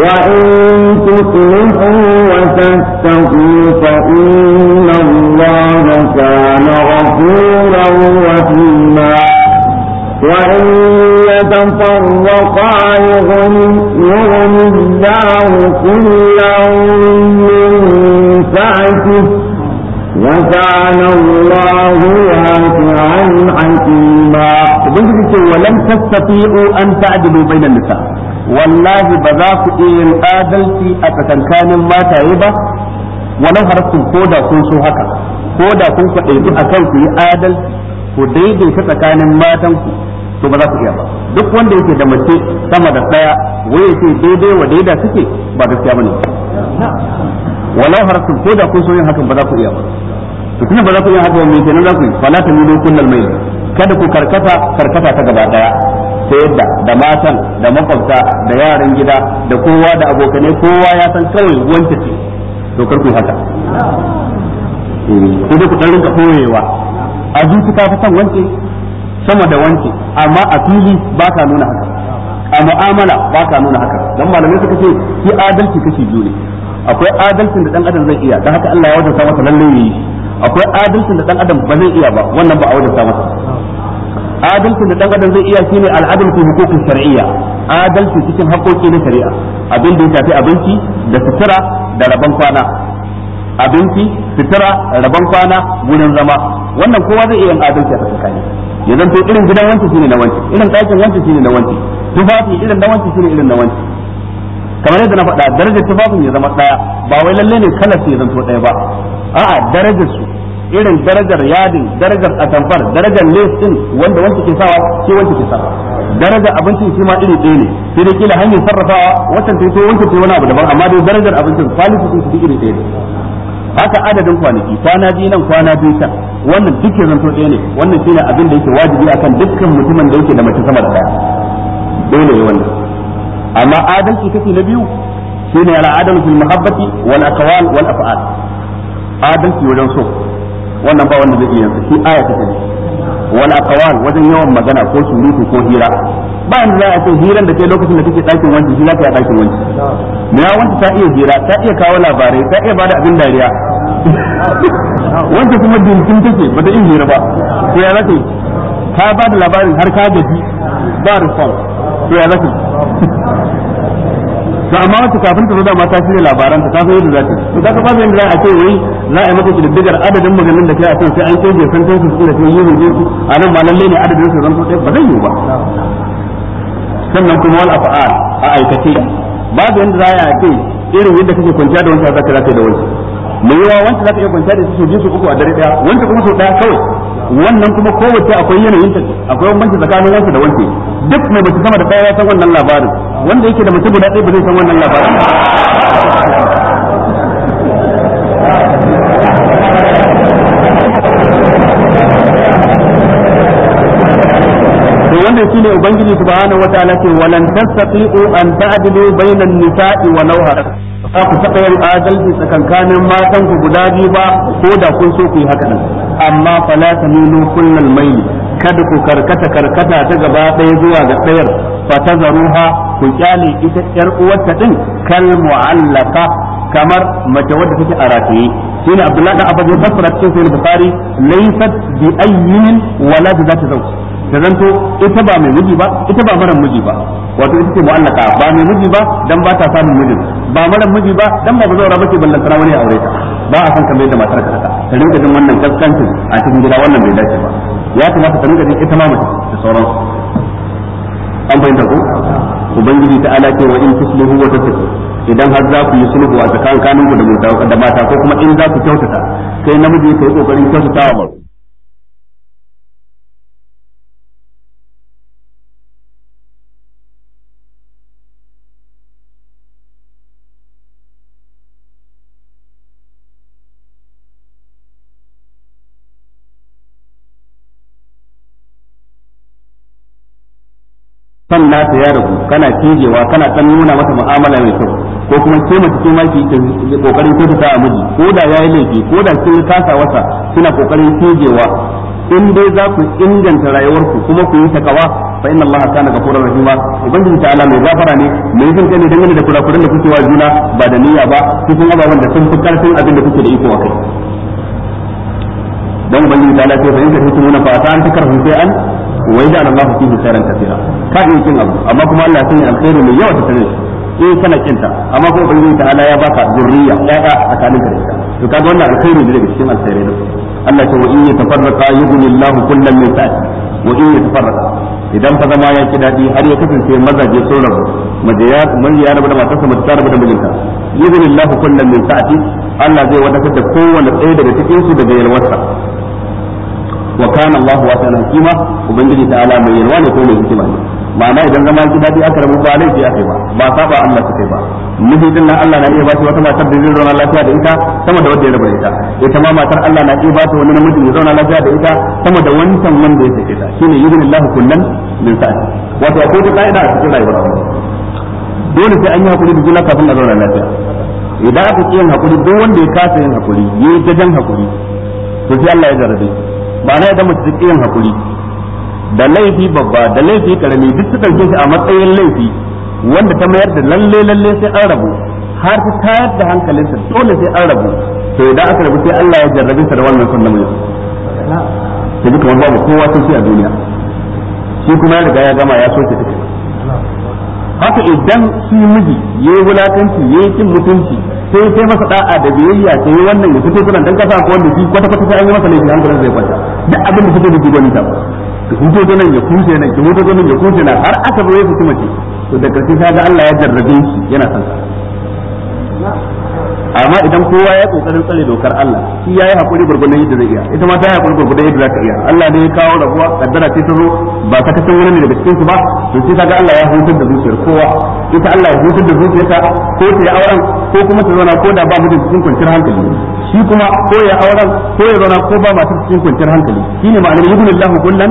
S2: وإن تصلحوا وتتقوا فإن الله كان غفورا رحيما وإن يتفرقا يغن الله كلا من سعته وكان الله واسعا حكيما. وبنتي ولم تستطيعوا أن تعدلوا بين النساء. wallahi ba za ku iya yin
S1: adalci a tsakankanin mataye ba walau harafin ko da kun so haka ko da kun kwaɗaitu a kan ku yi adalci ku daidaita tsakanin matanku to ba za ku iya ba duk wanda yake da mace sama da ɗaya waye ce daidai wa daida suke ba gaskiya bane walau harafin ko da kun so yin hakan ba za ku iya ba to tunda ba za ku iya haka wa mai kenan za ku yi fala ta milo kullal mail kada ku karkata karkata ta gaba daya da yadda da matan da makwabta da yaran gida da kowa da abokanai kowa ya san kawai wanta ce dokar ku haka sai eh, da ku dan rinka koyewa a zuci ka fi san wanke sama da wanke, amma a fili ba ka nuna haka a mu'amala ba ka nuna haka dan malamai suka ce shi adalci kashi biyu ne akwai adalcin da dan adam zai iya dan haka Allah ya wajaba masa lalle ne akwai adalcin da dan adam ba zai iya ba wannan ba a wajaba masa adalcin da dan adam zai iya shine al'adal fi hukukin shar'iyya adalci cikin haƙoƙi na shari'a abin da ya shafi abinci da sutura da rabon kwana abinci sutura rabon kwana wurin zama wannan kowa zai iya yin adalci a tsakani ya zanto irin gidan wanci shine na wanci irin ɗakin wanci shine na wanci tufafi irin na wanci shine irin na wanci kamar yadda na faɗa darajar tufafin ya zama ɗaya ba wai lalle ne kalar su ya zanto ɗaya ba a'a darajar su irin darajar yadin darajar atamfar darajar lesin wanda wanda ke sawa ke wanda ke sawa darajar abincin shi ma iri ɗaya ne sai dai kila hanyar sarrafawa wancan ta yi wancan ta wani abu daban amma dai darajar abincin kwaliti sun su iri ɗaya ne haka adadin kwanaki kwana biyu nan kwana biyu can wannan duk ya to ɗaya ne wannan shine abin da yake wajibi akan dukkan mutumin da yake da mace sama da ɗaya dole ne wannan amma adalci kashi na biyu shine al'adalu fil muhabbati wal aqwal wal af'al adalci wajen so wannan ba wanda zai iya shi aya take ne wal aqwal wajen yawan magana ko surutu ko hira ba inda za a ce hiran da kai lokacin da kake dakin wanci shi zaka yi dakin wanci me ya wanci ta iya hira ta iya kawo labarai ta iya bada abin dariya
S3: <laughs>
S1: wanda kuma dinkin take ba ta iya hira ba to ya zaka ka ba da labarin har ka gaji ba response to ya zaka
S3: <laughs>
S1: to amma wata kafin ta zo da mata shi labaran ta ta zo yadda zaka ta to kaga ba zai za a ce wai za a yi maka kididdigar adadin maganin da kai a kan sai an kai san kan su da kai yi ne a nan ba lalle ne adadin su zanto ɗaya ba zai yi ba sannan kuma wal afa'al a aikace babu yanda za a ce irin yadda kake kwanciya da wancan zaka zaka da mu yi wa wancan zaka iya kwanciya da su biyu su uku a dare daya wancan kuma sau daya kawai wannan kuma ko kowace akwai yanayin ta akwai bambanci tsakanin wancan da wancan duk mai mace sama da daya ya san wannan labarin wanda yake da mace guda ɗaya ba zai san wannan labarin wannan shine ubangiji subhanahu wata ce walan tastati'u an ta'dilu bainan nisa'i wa law ba ku taɓa yin adalci tsakankanin matan ku guda biyu ba ko da kun so ku yi haka nan amma fala tamilu kullal mayl kada ku karkata karkata ta gaba ɗaya zuwa ga tsayar fatazaruha ku kyale ita yar uwarta din kal mu'allaqa kamar mace wadda take a rataye shine abdullahi dan abbas ya cikin sahih bukhari laysat bi ayyin walad bi zati zawj ta zanto ita ba mai miji ba ita ba maran miji ba wato ita ce mu'allaka ba mai miji ba dan ba ta samun miji ba maran miji ba dan ba zaura bace ballan tara wani aure ta ba a san kamar da matar ka ta ta rinka jin wannan kaskancin a cikin gida wannan bai dace ba ya kamata ta rinka jin ita ma mace da sauransu an bayyana ko ubangiji ta ala wa in tuslihu wa tattaqu idan har za ku yi sulhu a ku da mata ko kuma in za ku kyautata kai namiji kai
S3: kokarin kyautatawa maro
S2: ta ya rabu kana cijewa kana dan nuna mata mu'amala mai kyau ko
S1: kuma ke mace ce ma ki kokarin ko ta a miji ko da ya yi laifi ko da yi kasa wasa suna kokarin cijewa in dai za ku inganta rayuwarku kuma ku yi takawa fa inna allaha kana ghafurur rahima ta ta'ala mai gafara ne mai jin kai dangane da kurakuran da kuke wa juna ba da niyya ba cikin ababen da sun fi karfin abin da kuke da iko akai dan ubangiji ta'ala sai fa in ka tuku fa ta an takarhu sai an wai da Allah fi khairan kathira ka iya kin abu amma kuma Allah ya sanya alkhairi mai yawa eh, ta tare shi in kana kinta amma kuma ubangiji ala ya baka zurriya ɗaya a tsakanin ka da ita to kaga wannan alkhairi ne daga cikin alkhairai da Allah idan fa zama ya ki dadi har ya kasance mazaje sun rabu majiya man ya rabu da matarsa mata rabu da mijinta yughni Allahu min sa'ati Allah zai wadatar da kowanne ɗaya daga cikin su daga yalwarsa wa kana Allahu wasi'an ta ubangiji ta'ala mai yarwa ne ko mai hikima ne ma'ana idan zama ki dadi aka rabu ba laifi aka ba ba saba Allah su kai ba miji din nan Allah na iya ba shi wata matar da zai zauna a da ita sama da wanda ya raba ita ita ma matar Allah na iya ba ta wani namiji ya zauna lafiya da ita sama da wancan wanda ya sake ta shine yudinillahu kullan min sa'i ta a cikin dole sai an yi hakuri da juna kafin a zauna lafiya idan aka ki yin hakuri duk wanda ya kasa yin hakuri yayi gajan hakuri to sai Allah ya jarabe ba na idan mace yin hakuri da laifi babba da laifi karami duk su ɗauke shi a matsayin laifi wanda ta mayar da lalle lalle sai an rabu har ta tayar da hankalinsa dole sai an rabu to idan aka rabu sai Allah ya jarrabe sa da wannan sunna mai ta ji kamar babu kowa sai a duniya shi kuma ya riga ya gama ya soke take haka idan shi miji yayi wulakanci yayi cin mutunci sai sai masa da'a da biyayya ta yi wannan ya fito kuran dan kasa ko wanda shi kwata kwata sai an yi masa laifi gurin zai kwata duk abin da suke da ki ta ki su ta nan ya kushe nan ki huto nan ya kushe nan har aka zo ya fito mace to da karshe sai ga Allah ya jarrabe shi yana san amma idan kowa ya kokarin tsare dokar Allah shi yayi hakuri gurgurdan yadda zai iya ita ma ta yi hakuri gurgurdan yadda za ta iya Allah ne ya kawo rabuwa kaddara ce ta zo ba ta kasan wani daga cikin su ba to sai kaga Allah ya hutar da zuciyar kowa ita Allah ya hutar da zuciyarta ko ta yi auren ko kuma ta zauna ko da ba mutum cikin kwanciyar hankali shi kuma ko ya auren ko ya zauna ko ba mutum cikin kwanciyar hankali shine ma'anar lillahi kullan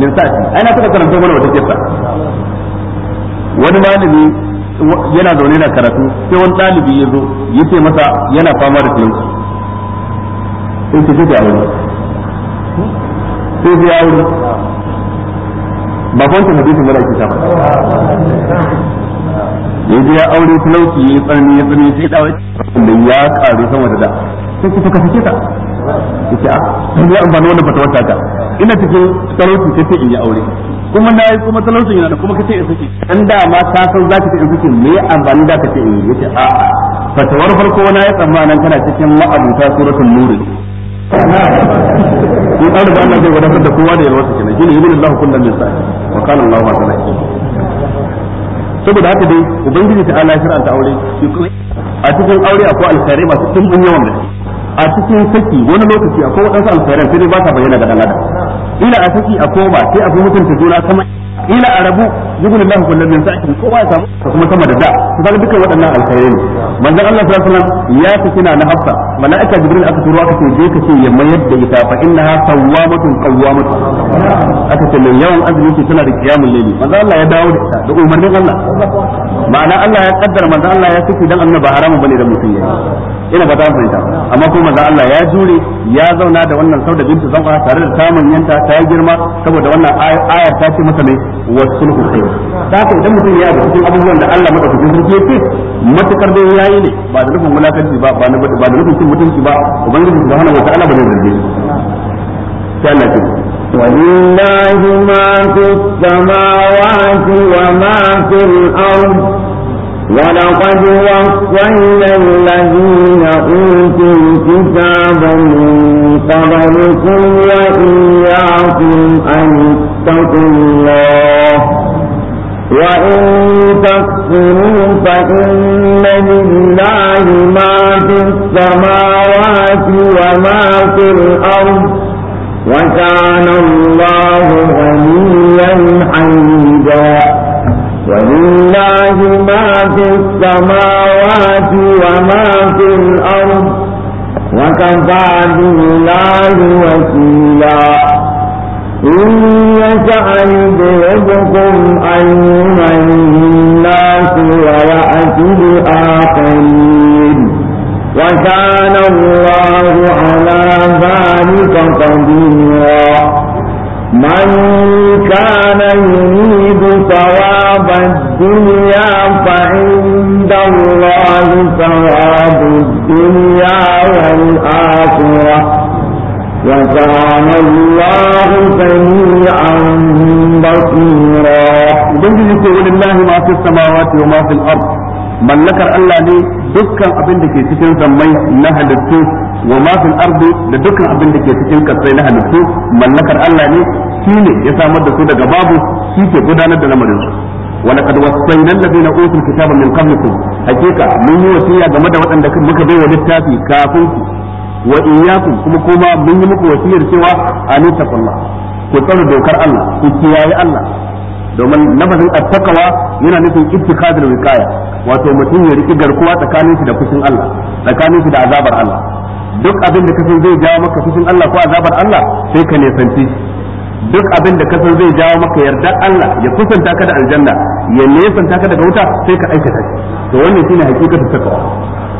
S1: lin sa'ati ai na taɓa karanta mana wata kissa wani malami yana zaune na karatu sai wani ɗalibi ya zo ya ce masa yana fama da talauci sai ki tafi aure sai sai aure ba kwanta hadisin mara ki sama ya ji ya aure talauci ya tsanani ya tsanani sai dawo da ya tsare sama da da
S3: sai ki fuka fike ta
S1: ce a ah, ya amfani wannan fatawar ta ina cikin talauci sai in yi aure kuma na yi kuma talaucin yana da kuma kace in saki. dan da ma ta san za ta ce in sake me amfani da ka ce in yace a a fatawar farko na ya tsammanin kana cikin ma'abuta suratul nur ko an ba Allah zai wadatar da kowa da yalwa ta kenan shine ibn Allah kullum min sa'i wa kana Allah wa ta'ala saboda haka dai ubangiji ta Allah ta aure shi a cikin aure akwai alkhairai masu tumbin yawan gaske a cikin saki wani lokaci akwai wadansu alkhairan sai dai ba ta bayyana ga dan adam ila a saki a koma sai a fi mutunta juna sama ila a rabu yubul lahu kullu min sa'atin kowa ya samu kuma sama da da su ga dukkan waɗannan alkhairai ne manzon Allah sallallahu alaihi wasallam ya tafi na hafsa malaika jibril aka turo aka ce je ka ce ya mayar da ita fa innaha sawwamatun qawwamatun aka ce mai yawan azumi ce tana da qiyamul layli manzon Allah ya dawo da ita da umarnin Allah ma'ana Allah ya kaddara manzon Allah ya saki dan annaba haramun bane da mutum yayi ina ba ta fahimta amma kuma za Allah ya jure ya zauna da wannan da bintu zanqa tare da samun yanta ta girma saboda wannan ayar ta ce masa wasu wasulhu khair da ka idan mutum ya ga cikin abubuwan da Allah maka sarki ya ce matukar dai yayi ne ba da nufin mulakanci ba ba da nufin cin mutunci ba ubangiji hana wata ta'ala ba zai zarge
S2: shi sai Allah ya ولله ما في السماوات وما في الأرض ولقد وصينا الذين أوتوا الكتاب من قبلكم وإياكم أن اتقوا الله وإن تكفروا فإن لله ما في السماوات وما في الأرض وكان الله غنيا حميدا ولله ما في السماوات وما في الأرض وكفى بالله وكيلا إن يشأ يذهبكم أيها الناس ويأتي بآخرين وكان الله على ذلك قديرا من كان يريد ثواب الدنيا فعند الله ثواب الدنيا والآخرة وكان الله سميعا بصيرا بنجد ولله ما في السماوات وما في الأرض mallakar Allah
S1: ne dukkan abin da ke cikin zammai na halittu wa ma fil ardi da dukkan abin da ke cikin kasai na halittu mallakar Allah ne shi ne ya samar da su daga babu shi ke gudanar da lamarin su wa laqad wasayna alladhina utul kitaba min qablikum hakika mun yi wasiya game da waɗanda muka bai wa littafi kafin ku wa iyyakum kuma kuma mun yi muku wasiyar cewa anita Allah ku tsara dokar Allah ku kiyaye Allah domin nafazin attakawa yana nufin ittikhadul wiqaya wato mutum ya riki garkuwa tsakanin shi da fushin Allah tsakanin shi da azabar Allah duk abin da kasan zai jawo maka fushin Allah ko azabar Allah sai ka nisanci duk abin da kasan zai jawo maka yarda Allah ya kusanta ka da aljanna ya nesanta ka daga wuta sai ka aikata shi to wannan shine hakikatul takawa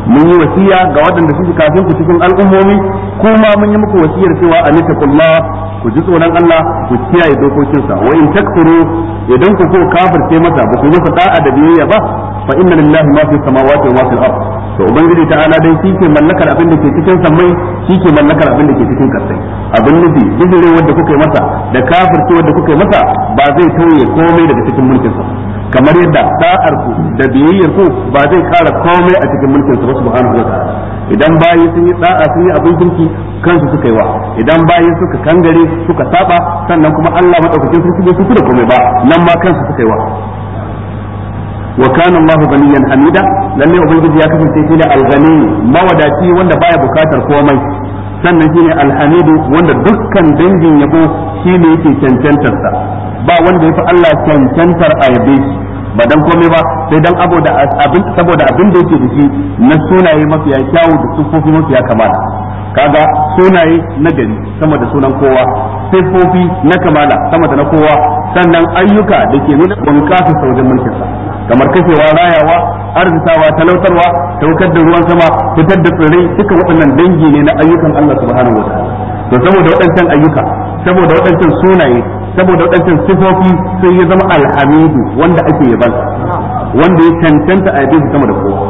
S1: mun yi wasiya ga waɗanda suke kafin ku cikin al'ummomi kuma mun yi muku wasiyar cewa kulla. ku ji tsoron Allah ku kiyaye dokokinsa wa in takfuru idan ku ko kafirce masa ba ku masa da'a da biyayya ba fa inna lillahi ma fi samawati wa ma fil ard to ubangiji ta'ala dai shi mallakar abin da ke cikin sammai shi mallakar abin da ke cikin kasai abin nufi bijirin wanda kuka yi masa da kafirce wanda kuka yi masa ba zai tauye komai daga cikin mulkin sa kamar yadda da'ar ku da biyayyar ku ba zai kara komai a cikin mulkin su ba subhanahu wataala idan bayi sun yi da'a sun yi abin kinki kansu suka yi wa idan bayi suka kangare suka saba sannan kuma Allah madaukakin sarki bai su da komai ba nan ma kansu suka yi wa wa kana Allah ganiyan hamida lalle ubangiji ya kasance shi ne al-ghani mawadaci wanda baya bukatar komai sannan shine al wanda dukkan dangin yabo shine yake cancantar sa ba wanda ya fi Allah cancantar a yabe shi ba dan komai ba sai dan saboda abin saboda abin da yake da shi na sunaye mafiya kyawu da sufofi mafiya kamala kaga sunaye na gari sama da sunan kowa sufofi na kamala sama da na kowa sannan ayyuka da ke nuna bunƙasa saurin sa kamar kashewa rayawa arzikawa talautarwa saukar da ruwan sama fitar da tsirrai duka waɗannan dangi ne na ayyukan Allah subhanahu wataala to saboda waɗancan ayyuka saboda waɗancan sunaye saboda waɗancan sifofi sai ya zama alhamidu wanda ake yaban wanda ya cancanta a yabe sama da kowa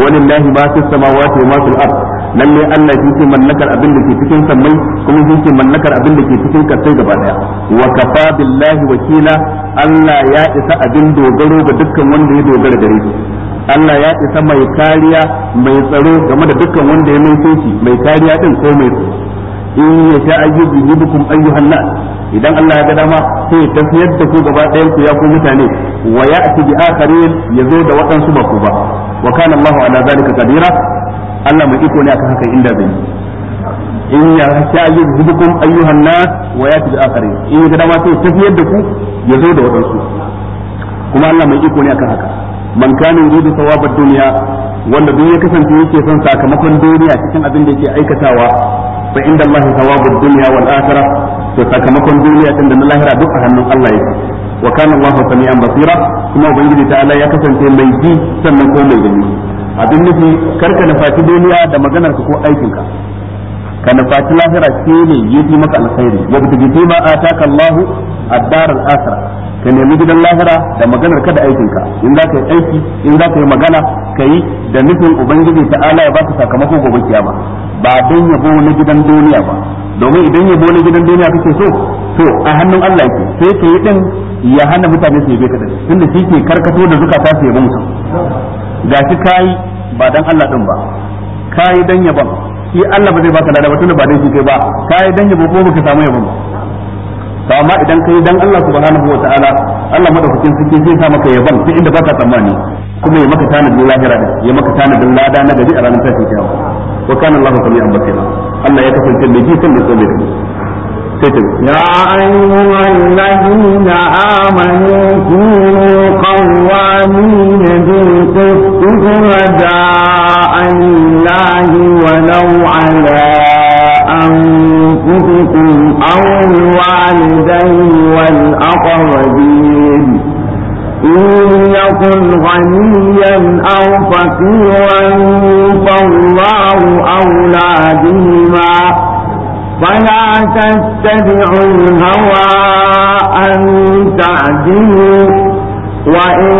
S1: walillahi ba su samawati wa ma fil ard lalle Allah shi ke mallakar abin da ke cikin sammai kuma shi ke mallakar abin da ke cikin kasai gaba daya wa kafa billahi wakila Allah ya isa abin dogaro ga dukkan wanda ya dogara gare shi Allah ya isa mai kariya mai tsaro game da dukkan wanda ya mai shi mai kariya din ko mai tsaro in ya sha ayyubi yubukum ayyuhan nas idan Allah ya ga dama sai ya tafiyar da ku gaba ɗayan ku ya ku mutane wa ya'ti bi akharin zo da waɗansu ba ku ba wa kana Allahu ala zalika qadira Allah mai iko ne akan haka inda zai in ya sha ayyubi yubukum ayyuhan nas wa ya'ti bi akharin in ya ga dama sai ya tafiyar da ku zo da waɗansu kuma Allah mai iko ne akan haka man kana yuridu thawabad dunya wanda duk ya kasance yake son sakamakon duniya cikin abin da yake aikatawa fa inda Allah thawabu dunya wal akhirah to sakamakon duniya din da na lahira duk a hannun Allah yake wa kana Allah samian basira kuma ubangiji ta ta'ala ya kasance mai ji sannan ko mai gani abin nufi karka nufaci duniya da maganar ka ko aikin ka ka nufaci lahira shi ne yafi maka alkhairi wa bi ma ataka Allah ad-dar al-akhirah ka nemi gidan lahira da maganar ka da aikin ka in za ka yi aiki in za ka yi magana ka yi da nufin ubangiji ta'ala ya baka sakamako gobe kiyama ba don yabo na gidan duniya ba domin idan yabo na gidan duniya kake so to a hannun Allah yake sai ka yi din ya hana mutane su yabe ka da tunda shi ke karkato da zukata su yabe mutum shi kai ba dan Allah din ba kai dan yabon shi Allah ba zai baka lada ba tunda ba dai shi kai ba kai dan yabo ko baka samu yabo ba to amma idan kai dan Allah subhanahu wataala ta'ala Allah madaukakin sarki zai sa maka yabon duk inda baka tsammani kuma ya maka tanadin lahira da ya maka tanadin lada na gari a ranar tashin kiyama wa kana Allahu an basira Allah ya kasance mai ji san
S3: da so mai يا
S2: أيها الذين آمنوا كونوا قوامين بالقسط yi لله ولو إن يكن غنيا أو فقيرا فالله أولى بهما فلا تتبعوا الهوى أن تعدلوا وإن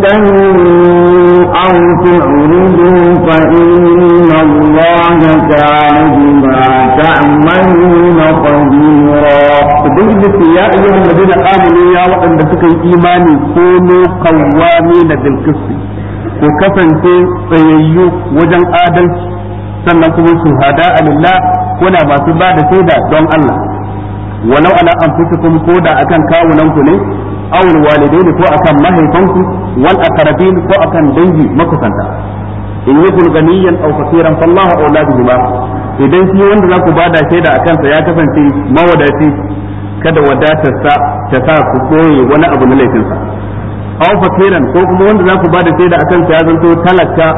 S2: تنوا أو تعرضوا فإن الله تعالى يعملون خبيرا بجد يا أيها الذين آمنوا يا وأن تكي إيماني كونوا قوامين بالقسط وكفن تسيئيو
S1: وجن آدل سنكم شهداء لله كنا ما تبعد سيدا دون الله ولو على أنفسكم كودا أكن كاونانكم ne aw walidaini ko akan mahaifanku wal aqrabin ko akan dangi makusanta in yakun ganiyan aw fasiran fallahu auladu bima idan shi wanda za ku bada shaida a kansa ya kasance mawadaci kada wadatarsa ta sa ku koye wani abu na laifinsa aw fakiran ko kuma wanda za ku bada shaida a kansa ya zanto talaka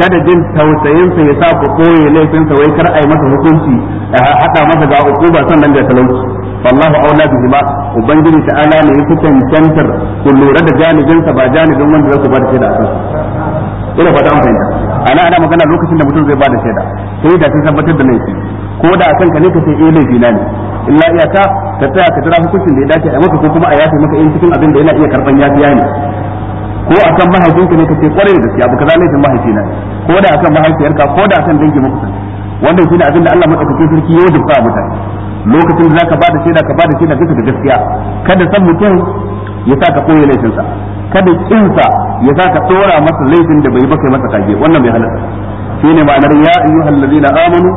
S1: kada jin tausayinsa ya sa ku koye laifinsa wai kar a masa hukunci a hada masa ga hukuma sannan da talauci wallahi aula bihi ba ubangiji ta'ala ne yake tantantar ku lura da janibinsa ba janibin wanda za ku bada shaida a kansa ina fata an fahimta ana ana magana lokacin da mutum zai bada shaida sai da sai tabbatar da laifi ko da akan ka ne ka sai eh laifi na ne illa iyaka ka tsaya ka jira hukuncin da ya dace a maka ko kuma a yafe maka in cikin abin da yana iya karban yafiya ne ko akan mahaifinka ne ka ce kwarai da gaskiya baka za laifin mahaifina ko da akan mahaifiyarka ko da akan dangi wanda wannan shine abin da Allah madaukakin sarki ya wajaba a mutane lokacin da zaka bada shaida ka bada shaida bisa da gaskiya kada san mutum ya sa ka koyi laifinsa kada kinsa ya sa ka tsora masa laifin da bai ba kai masa kage wannan bai halatta shine ma'anar ya ayyuhal ladina amanu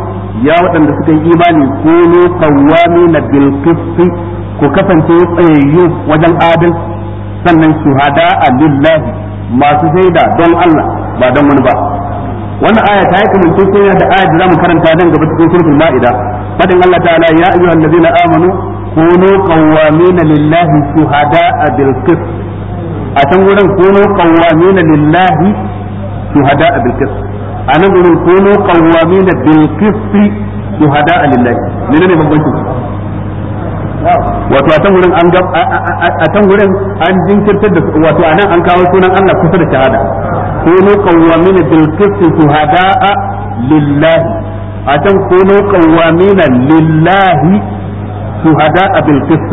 S1: ya waɗanda suka yi imani kunu qawwamina na qisti ku kasance tsayayyu wajen adal sannan shuhada lillahi masu shaida don Allah ba don wani ba wannan aya ta yi kamance da aya da mu karanta nan gaba cikin suratul ma'ida fadin Allah ta'ala ya ayyuhal ladina amanu kunu qawwamina lillahi shuhada bil qist a can gurin kunu qawwamina lillahi shuhada bil qist a nan gurin kunu qawwamina bil qist shuhada'a lillahi menene bambancin wato a can gurin an a can gurin an jinkirtar da wato anan an kawo sunan Allah kusa da shahada kunu qawwamina bil qist shuhada'a lillahi a can kunu qawwamina lillahi shuhada bil qist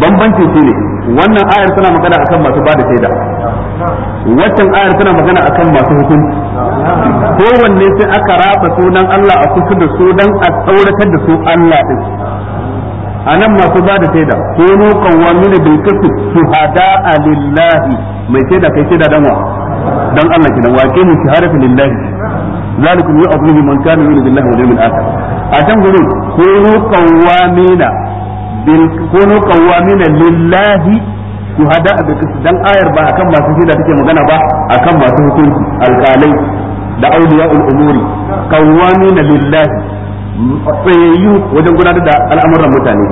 S1: bambanci shine wannan ayar tana magana akan masu bada shaida wannan ayar tana magana akan masu hukunci kowanne sai aka raba sunan Allah a kusa da su dan a tsauratar da su Allah din a nan masu ba da shaida kunu qawwamina bil qist shuhada lillahi mai shaida kai shaida dan wa dan Allah kidan wa mu shahadatu lillahi zalikum yu'adhu man kana yu'minu billahi wal yawmil akhir a gurin bil lillahi da dan ayar ba akan masu take magana ba akan masu hukunci alkalai da auliya'ul umuri lillahi tsayayyu wajen gudanar da al'amuran mutane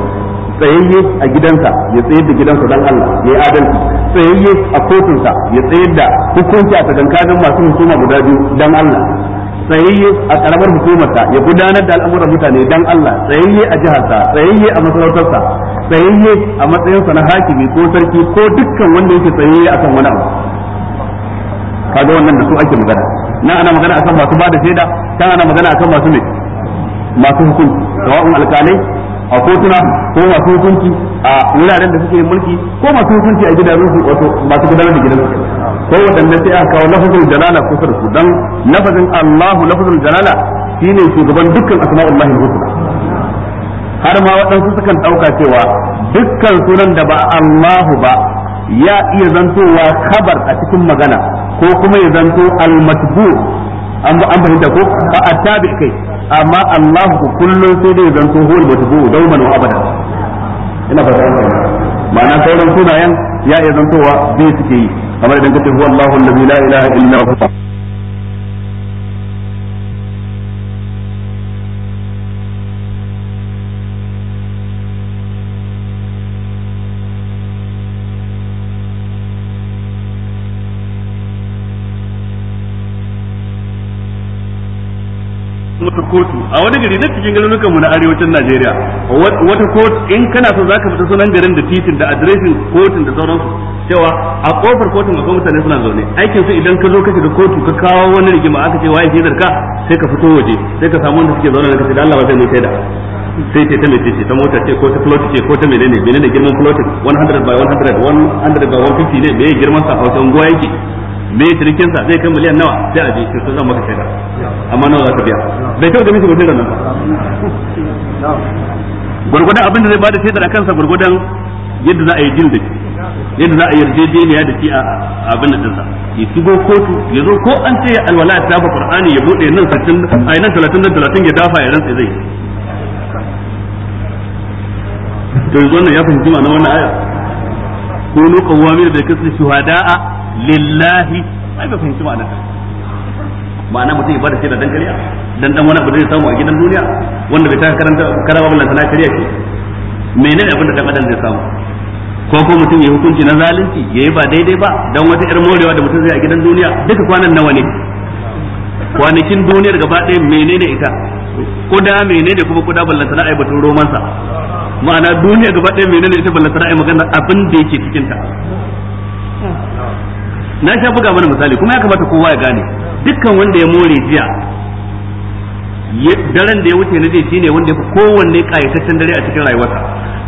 S1: tsayayye a gidansa ya tsayar da gidansa dan Allah ya yi adalci tsayayye a kotunsa ya tsayar da hukunci a tsakankanin masu hukuma guda biyu dan Allah tsayayye a karamar hukumarsa ya gudanar da al'amuran mutane dan Allah tsayayye a jiharsa tsayayye a masarautarsa tsayayye a matsayinsa na hakimi ko sarki ko dukkan wanda yake tsayayye akan wani abu kaga wannan da su ake magana na ana magana akan masu ba da shaida kan ana magana akan masu ne masu hukunci sawa'un alkalai a kotuna ko masu hukunci a wuraren da suke mulki ko masu hukunci a gidan rufi wato masu gudanar da gidan rufi ko waɗanne sai aka kawo lafazul jalala kusa da su dan lafazin Allahu lafazul jalala shine shugaban dukkan lahi husna har ma waɗansu sukan ɗauka cewa dukkan sunan da ba Allahu ba ya iya zantowa kabar a cikin magana ko kuma ya zanto al-matbu an an fahimta ko a tabi kai amma Allahu ku kullun sai dai zanto huwal matbu dauman wa abada ina fata ma'ana sauran sunayen ya iya zantowa bai suke yi amma idan kace huwa Allahu allazi la
S3: ilaha illa huwa
S1: kotu a wani gari na cikin garurukan mu na arewacin Najeriya wata kotu in kana so zaka fita sunan garin da titin da adireshin kotun da sauransu cewa a kofar kotun akwai mutane suna zaune aikin su idan ka zo ka shiga kotu ka kawo wani rigima aka ce waye shaidar ka sai ka fito waje sai ka samu wanda suke zaune ka ce da Allah ba zai mun shaida sai ce ta mai ce ta mota ce ko ta plot ce ko ta menene menene girman plot 100 by 100 100 by 150 ne meye girman sa a wajen unguwa yake me cinikin sa zai kai miliyan nawa sai a je sai zan maka shaida amma nawa za ka biya bai taɓa ganin miki mutum nan gurgudan abin da zai bada shaidar a kansa gurgudan yadda za a yi jin da shi yadda za a yarjejeniya da shi a abin da dinsa ya shigo kotu ya zo ko an ce alwala ta tafa qur'ani ya bude nan 60 ai nan 30 nan 30 ya dafa ya rantsa zai to yanzu wannan ya fahimci ma'anar wannan aya kunu qawwamin bil qist shuhada'a lillahi ai ba fahimci ma'anar ta ma'ana mutum ya bada da dan kariya dan dan wani abu da zai samu a gidan duniya wanda bai taka karanta karawa ballan sana kariya ke menene abin da dan adam zai samu ko ko mutum ya hukunci na zalunci yayi ba daidai ba dan wata yar morewa da mutum zai a gidan duniya duka kwanan nawa ne kwanakin duniyar gaba ɗaya menene ita kuda menene kuma kuda ballanta na batun romansa ma'ana duniya gaba ɗaya menene ita ballanta na ai magana abin da yake cikin ta na sha buga mana misali kuma ya kamata kowa ya gane dukkan wanda ya more jiya daren da ya wuce na jiya shine wanda ya fi kowanne kayataccen dare a cikin rayuwarsa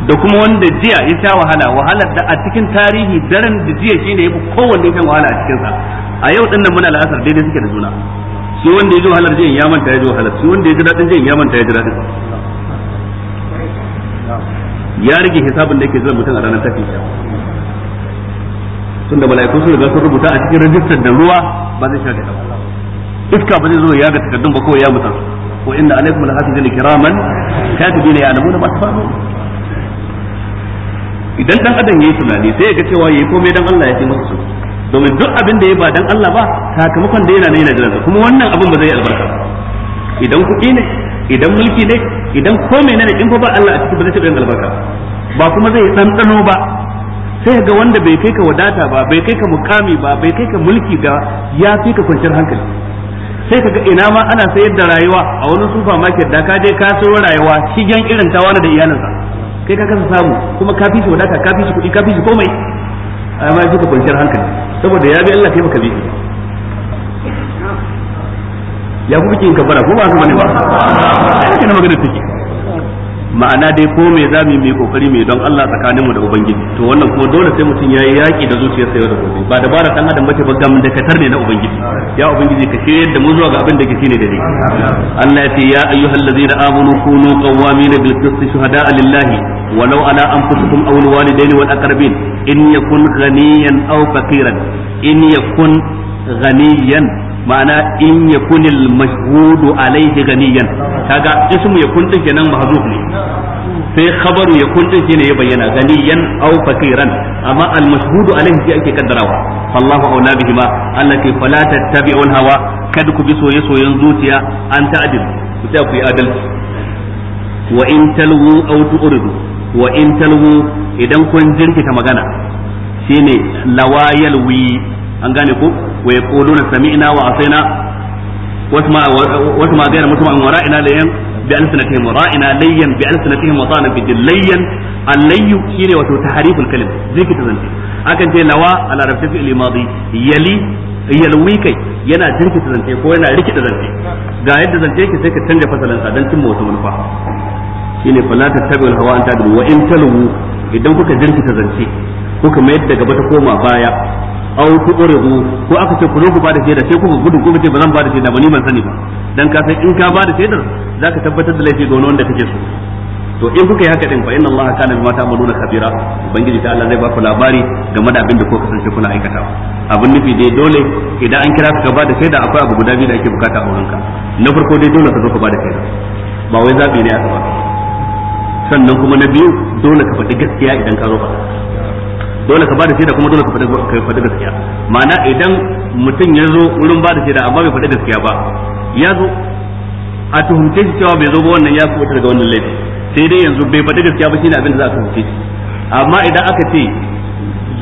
S1: da kuma wanda jiya ya sha wahala wahalar da a cikin tarihi daren da jiya shine ya fi kowanne shan wahala a cikinsa a yau ɗin nan muna la'asar daidai suke da juna shi wanda ya ji wahalar jiya ya manta ya ji wahalar shi wanda ya ji daɗin jiya ya manta ya ji daɗin ya rage hisabin da yake zuwa mutum a ranar tafi tunda mala'iku sun riga sun rubuta a cikin rajistar da ruwa ba zai sha da iska ba zai zo ya ga takardun ba kawai ya mutan wa inna alaikum lahafizin kiraman katibin ya'lamuna ma idan dan adam yayi tunani sai ya ga cewa yayi komai dan Allah ya fi masa domin duk abin da ya ba dan Allah ba sakamakon da yana ne yana jiransa kuma wannan abin ba zai albarka idan kuɗi ne idan mulki ne idan ne ne in ko ba Allah a ciki ba zai ci albarka ba kuma zai dano ba sai ga wanda bai kai ka wadata ba bai kai ka mukami ba bai kai ka mulki ga ya fi ka kwanciyar hankali sai ka ga ina ma ana sayar da rayuwa a wani sufa market da ka je ka sayo rayuwa shigen irin tawana wani da iyalinsa kai ka kasa samu kuma ka fishi shi wadata ka fishi shi kuɗi ka fishi komai amma ya kwanciyar hankali saboda ya bi Allah kai baka bi ya ku bikin ka bara ko ba ka bane ba kana magana take ma'ana dai ko me za mu yi kokari mai don Allah tsakanin mu da ubangiji to wannan kuma dole sai mutum yi yaki da zuciyarsa yau da gobe ba dabara kan adam bace ba gam da katar ne na ubangiji ya ubangiji ka shirye da mu zuwa ga abin da kake ne da ni. Allah ya ce ya ayyuhallazina amanu kunu qawwamina bil qisti shuhada'a lillahi walau ala anfusikum aw alwalidaini wal aqrabin in yakun ghaniyan aw faqiran in yakun ghaniyan ma'ana in yakunil mashhudu alaihi ganiyan kaga ismu yakun din kenan mahzuf ne sai khabaru yakun din ne ya bayyana ganiyan aw fakiran amma al mashhudu alaihi shi ake kaddarawa sallahu aula bihima allati fala tattabi'ul hawa kad ku bi soye soyen zuciya an ta'dil ku ta ku yi adalci wa in talwu aw tu'ridu wa in talwu idan kun jirkita magana shine lawayalwi an gane ko wa yaquluna sami'na wa asaina wasma wasma ghayra musma'in wa ra'ina layyan bi alsinatihim wa ra'ina layyan bi alsinatihim wa ta'ana bi layyan allayyu shine wato tahriful kalim zai ki tazanci akan ce lawa ala rafi fi'li madi yali yalwi kai yana jirkita zance ko yana rikita zance ga yadda zance ki sai ka canja fasalansa don cimma wata manufa shine fala tattabi'ul hawa an tadu wa in talu idan kuka jirkita zance kuka mayar da gaba ta koma baya aw tuqridu ko aka ce ku zo ku bada shaida sai ku gudu kuka ce ba zan bada shaida ba ni ban sani ba dan ka sai in ka bada shaidar zaka tabbatar da laifi ga wani wanda kake so to in kuka yi haka din fa inna allaha kana bima ta'maluna khabira ubangiji ta Allah zai ba ku labari game da abin da ko kasance kuna aikata abin nufi dai dole idan an kira ka gaba da shaida akwai abu guda biyu da ake bukata a ka na farko dai dole ka zo ka bada shaida ba wai zabi ne a sama sannan kuma na biyu dole ka faɗi gaskiya idan ka zo ba dole ka bada shaida kuma dole ka faɗi gaskiya ma'ana idan mutum ya zo wurin bada shaida amma bai faɗi gaskiya ba ya zo a tuhumce shi cewa bai zo ba wannan ya kuɓuta daga wannan laifi sai dai yanzu bai faɗi gaskiya ba shine abin da za a tuhumce shi amma idan aka ce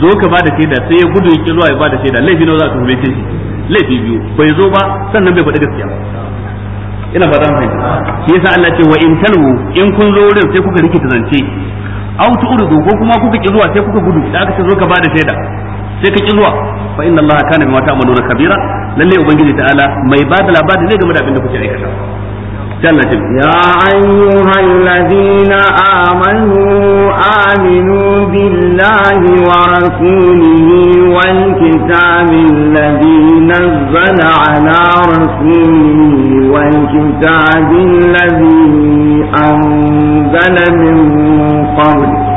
S1: zo ka bada shaida sai ya gudu yake zuwa ya bada shaida laifi nawa za a tuhumce shi laifi biyu bai zo ba sannan bai faɗi gaskiya ba ina fata mun fahimta shi yasa Allah ce wa in talu in kun zo wurin sai kuka rikita zance aw tu'ridu ko kuma kuka ki zuwa sai kuka gudu da aka ce zo ka bada shaida sai ka ki fa inna allaha kana bima ta'maluna kabira lalle ubangiji ta'ala mai bada labari ne game da abin da kuke aikata يا
S2: أيها الذين آمنوا آمنوا بالله ورسوله والكتاب الذي نزل على رسوله والكتاب الذي أنزل من قبل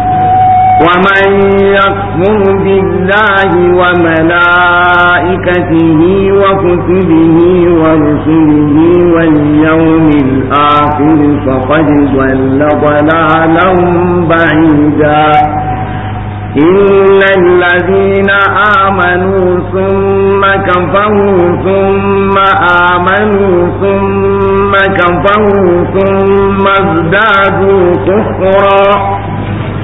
S2: ومن يكفر بالله وملائكته وكتبه ورسله واليوم الآخر فقد ضل ضلالا بعيدا إن الذين آمنوا ثم كفروا ثم آمنوا ثم كفروا ثم ازدادوا كفرا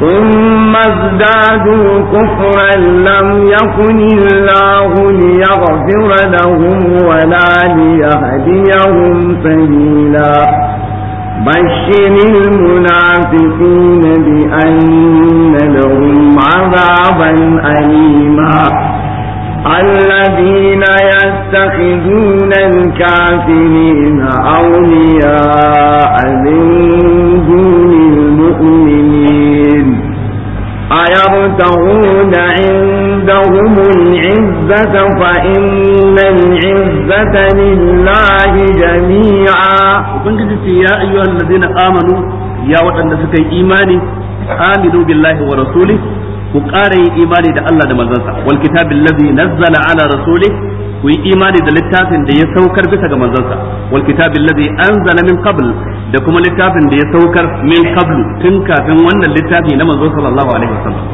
S2: ثم ازدادوا كفرا لم يكن الله ليغفر لهم ولا ليهديهم سبيلا بشر المنافقين بأن لهم عذابا أليما الذين يتخذون الكافرين أولياء من دون المؤمنين أيبتغون عندهم العزة فإن العزة لله جميعا وبنجد يا أيها
S1: الذين آمنوا يا وطن سكي إيماني آمنوا بالله ورسوله ku ƙara yin imani da Allah da manzansa wal kitabil ladzi nazzala ala rasulih ku yi imani da littafin da ya saukar bisa ga manzansa wal kitabil ladzi anzala min qabl da kuma littafin da ya saukar min qablu tun kafin wannan littafi na manzo sallallahu alaihi wasallam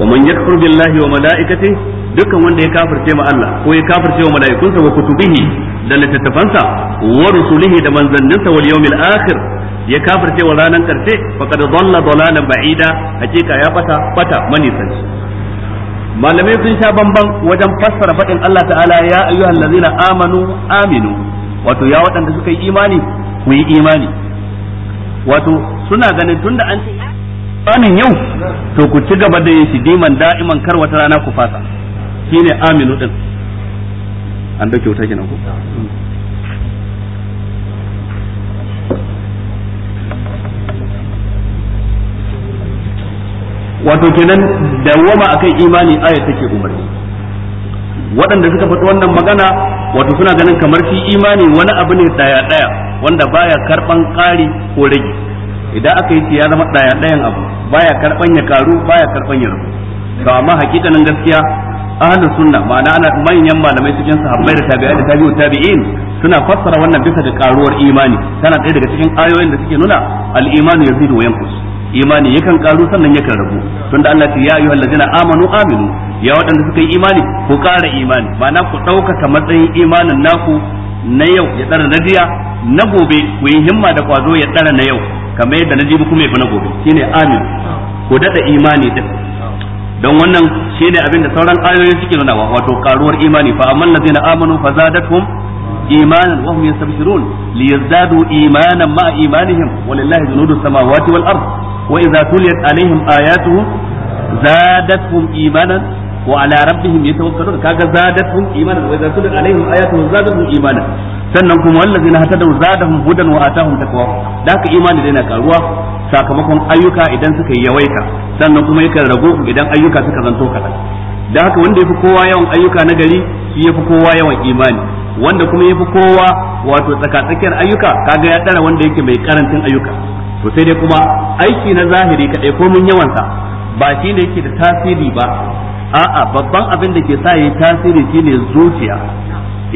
S1: wa man yakfur billahi wa malaikatihi dukkan wanda ya kafirce ma Allah ko ya kafirce wa mala'ikunsa wa kutubihi da littattafansa wa rusulihi da manzanninsa wal yawmil akhir ya kafirce wa ranar karshe faqad dhalla dhalalan ba'ida hakika ya bata bata manisanci malamai sun sha bamban wajen fassara faɗin Allah ta'ala ya ayyuhal lazina amanu aminu wato ya waɗanda suka yi imani ku yi imani wato suna ganin tunda an ce imanin yau to ku ci gaba da yin shi diman da'iman kar wata rana ku fasa shine aminu din an da kyauta kenan ku wato kenan dawwama akan imani ayat take umarni waɗanda suka faɗi wannan magana wato suna ganin kamar shi imani wani abu ne daya daya wanda baya karban ƙari ko rage idan aka yi ya zama daya dayan abu baya karban ya karu baya karban ya rabu to amma hakikanin gaskiya ahlus sunna ma'ana ana manyan malamai cikin sahabbai da tabi'ai da tabi'u tabi'in suna fassara wannan bisa ga karuwar imani tana ɗaya daga cikin ayoyin da suke nuna al-imanu yazidu wa yanqus imani yakan karu sannan yakan rabu tunda Allah ya ayyuha allazina amanu aminu ya waɗanda suka yi imani ko kara imani ma'ana ku ɗaukaka matsayin imanin naku na yau ya tsara na jiya na gobe ku yi himma da kwazo ya tsara na yau kamar yadda na jibi kuma ya fi na gobe shine amin ku daɗa imani din don wannan shine abin da sauran ayoyi suke nuna wa wato karuwar imani fa amman allazina amanu fazadatuhum imanan wa hum yastabshirun liyazdadu imanan ma imanihim walillahi junudu samawati wal ardh wa idza tuliyat alaihim ayatuhu zadatuhum imanan wa ala rabbihim yatawakkalun kaga zadatuhum imanan wa idza tuliyat alaihim sannan kuma wallazina hatadu zadahum hudan wa atahum taqwa da haka imani da na karuwa sakamakon ayyuka idan suka yi yawaita sannan kuma yakan rago idan ayyuka suka zanto kaɗan da haka wanda yafi kowa yawan ayyuka na gari shi yafi kowa yawan imani wanda kuma yafi kowa wato tsakatsakiyar ayyuka kaga ya ɗara wanda yake mai karancin ayyuka to sai dai kuma aiki na zahiri kadai ko mun yawansa ba shi ne yake da tasiri ba a'a babban abin da ke sa yi tasiri shine zuciya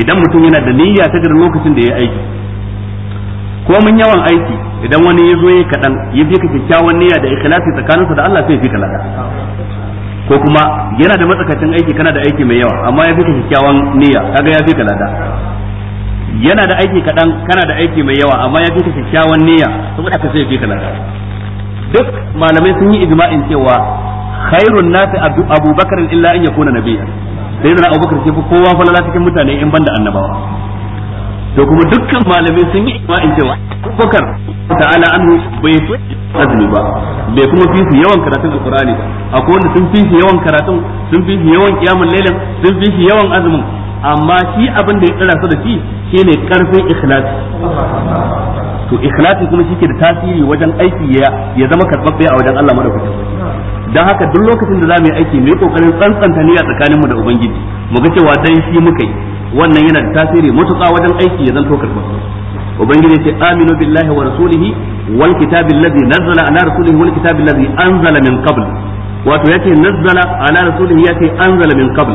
S1: idan mutum yana da niyya ta garin lokacin da ya aiki ko mun yawan aiki idan wani ya zo ya kaɗan ya fi kyakkyawan niyya da ikhlasi tsakaninsa da Allah sai fi ka ko kuma yana da matsakacin aiki kana da aiki mai yawa amma ya fi kyakkyawan niyya kaga ya fi ka lada yana da aiki kaɗan kana da aiki mai yawa amma ya fi kyakkyawan niyya saboda ka sai fi ka lada duk malamai sun yi ijma'in cewa khairun nasi abubakar illa an yakuna nabiyya sai da abubakar ke kowa falala cikin mutane in banda annabawa da kuma dukkan malamai sun yi ma'in cewa Abubakar ta'ala anhu bai so azumi ba bai kuma fi su yawan karatun alqur'ani ba akwai wanda sun fi su yawan karatun sun fi su yawan kiyamul lailan sun fi su yawan azumin amma shi abin da ya tsara su da shi shine karfin ikhlasi to ikhlasi kuma shi ke da tasiri wajen aiki ya ya zama karɓaɓɓe a wajen Allah madaukakin dan haka duk lokacin da za mu yi aiki mu yi kokarin tsantsanta niyya tsakaninmu da ubangiji mu ga cewa dai shi muka yi wannan yana da tasiri matuƙa wajen aiki ya zanto karɓar ubangiji ce aminu billahi wa rasulihi wal kitabil ladzi nazzala ala rasulihi wal kitabil ladzi anzala min qabl wato yace nazzala ala rasulihi yace anzala min qabl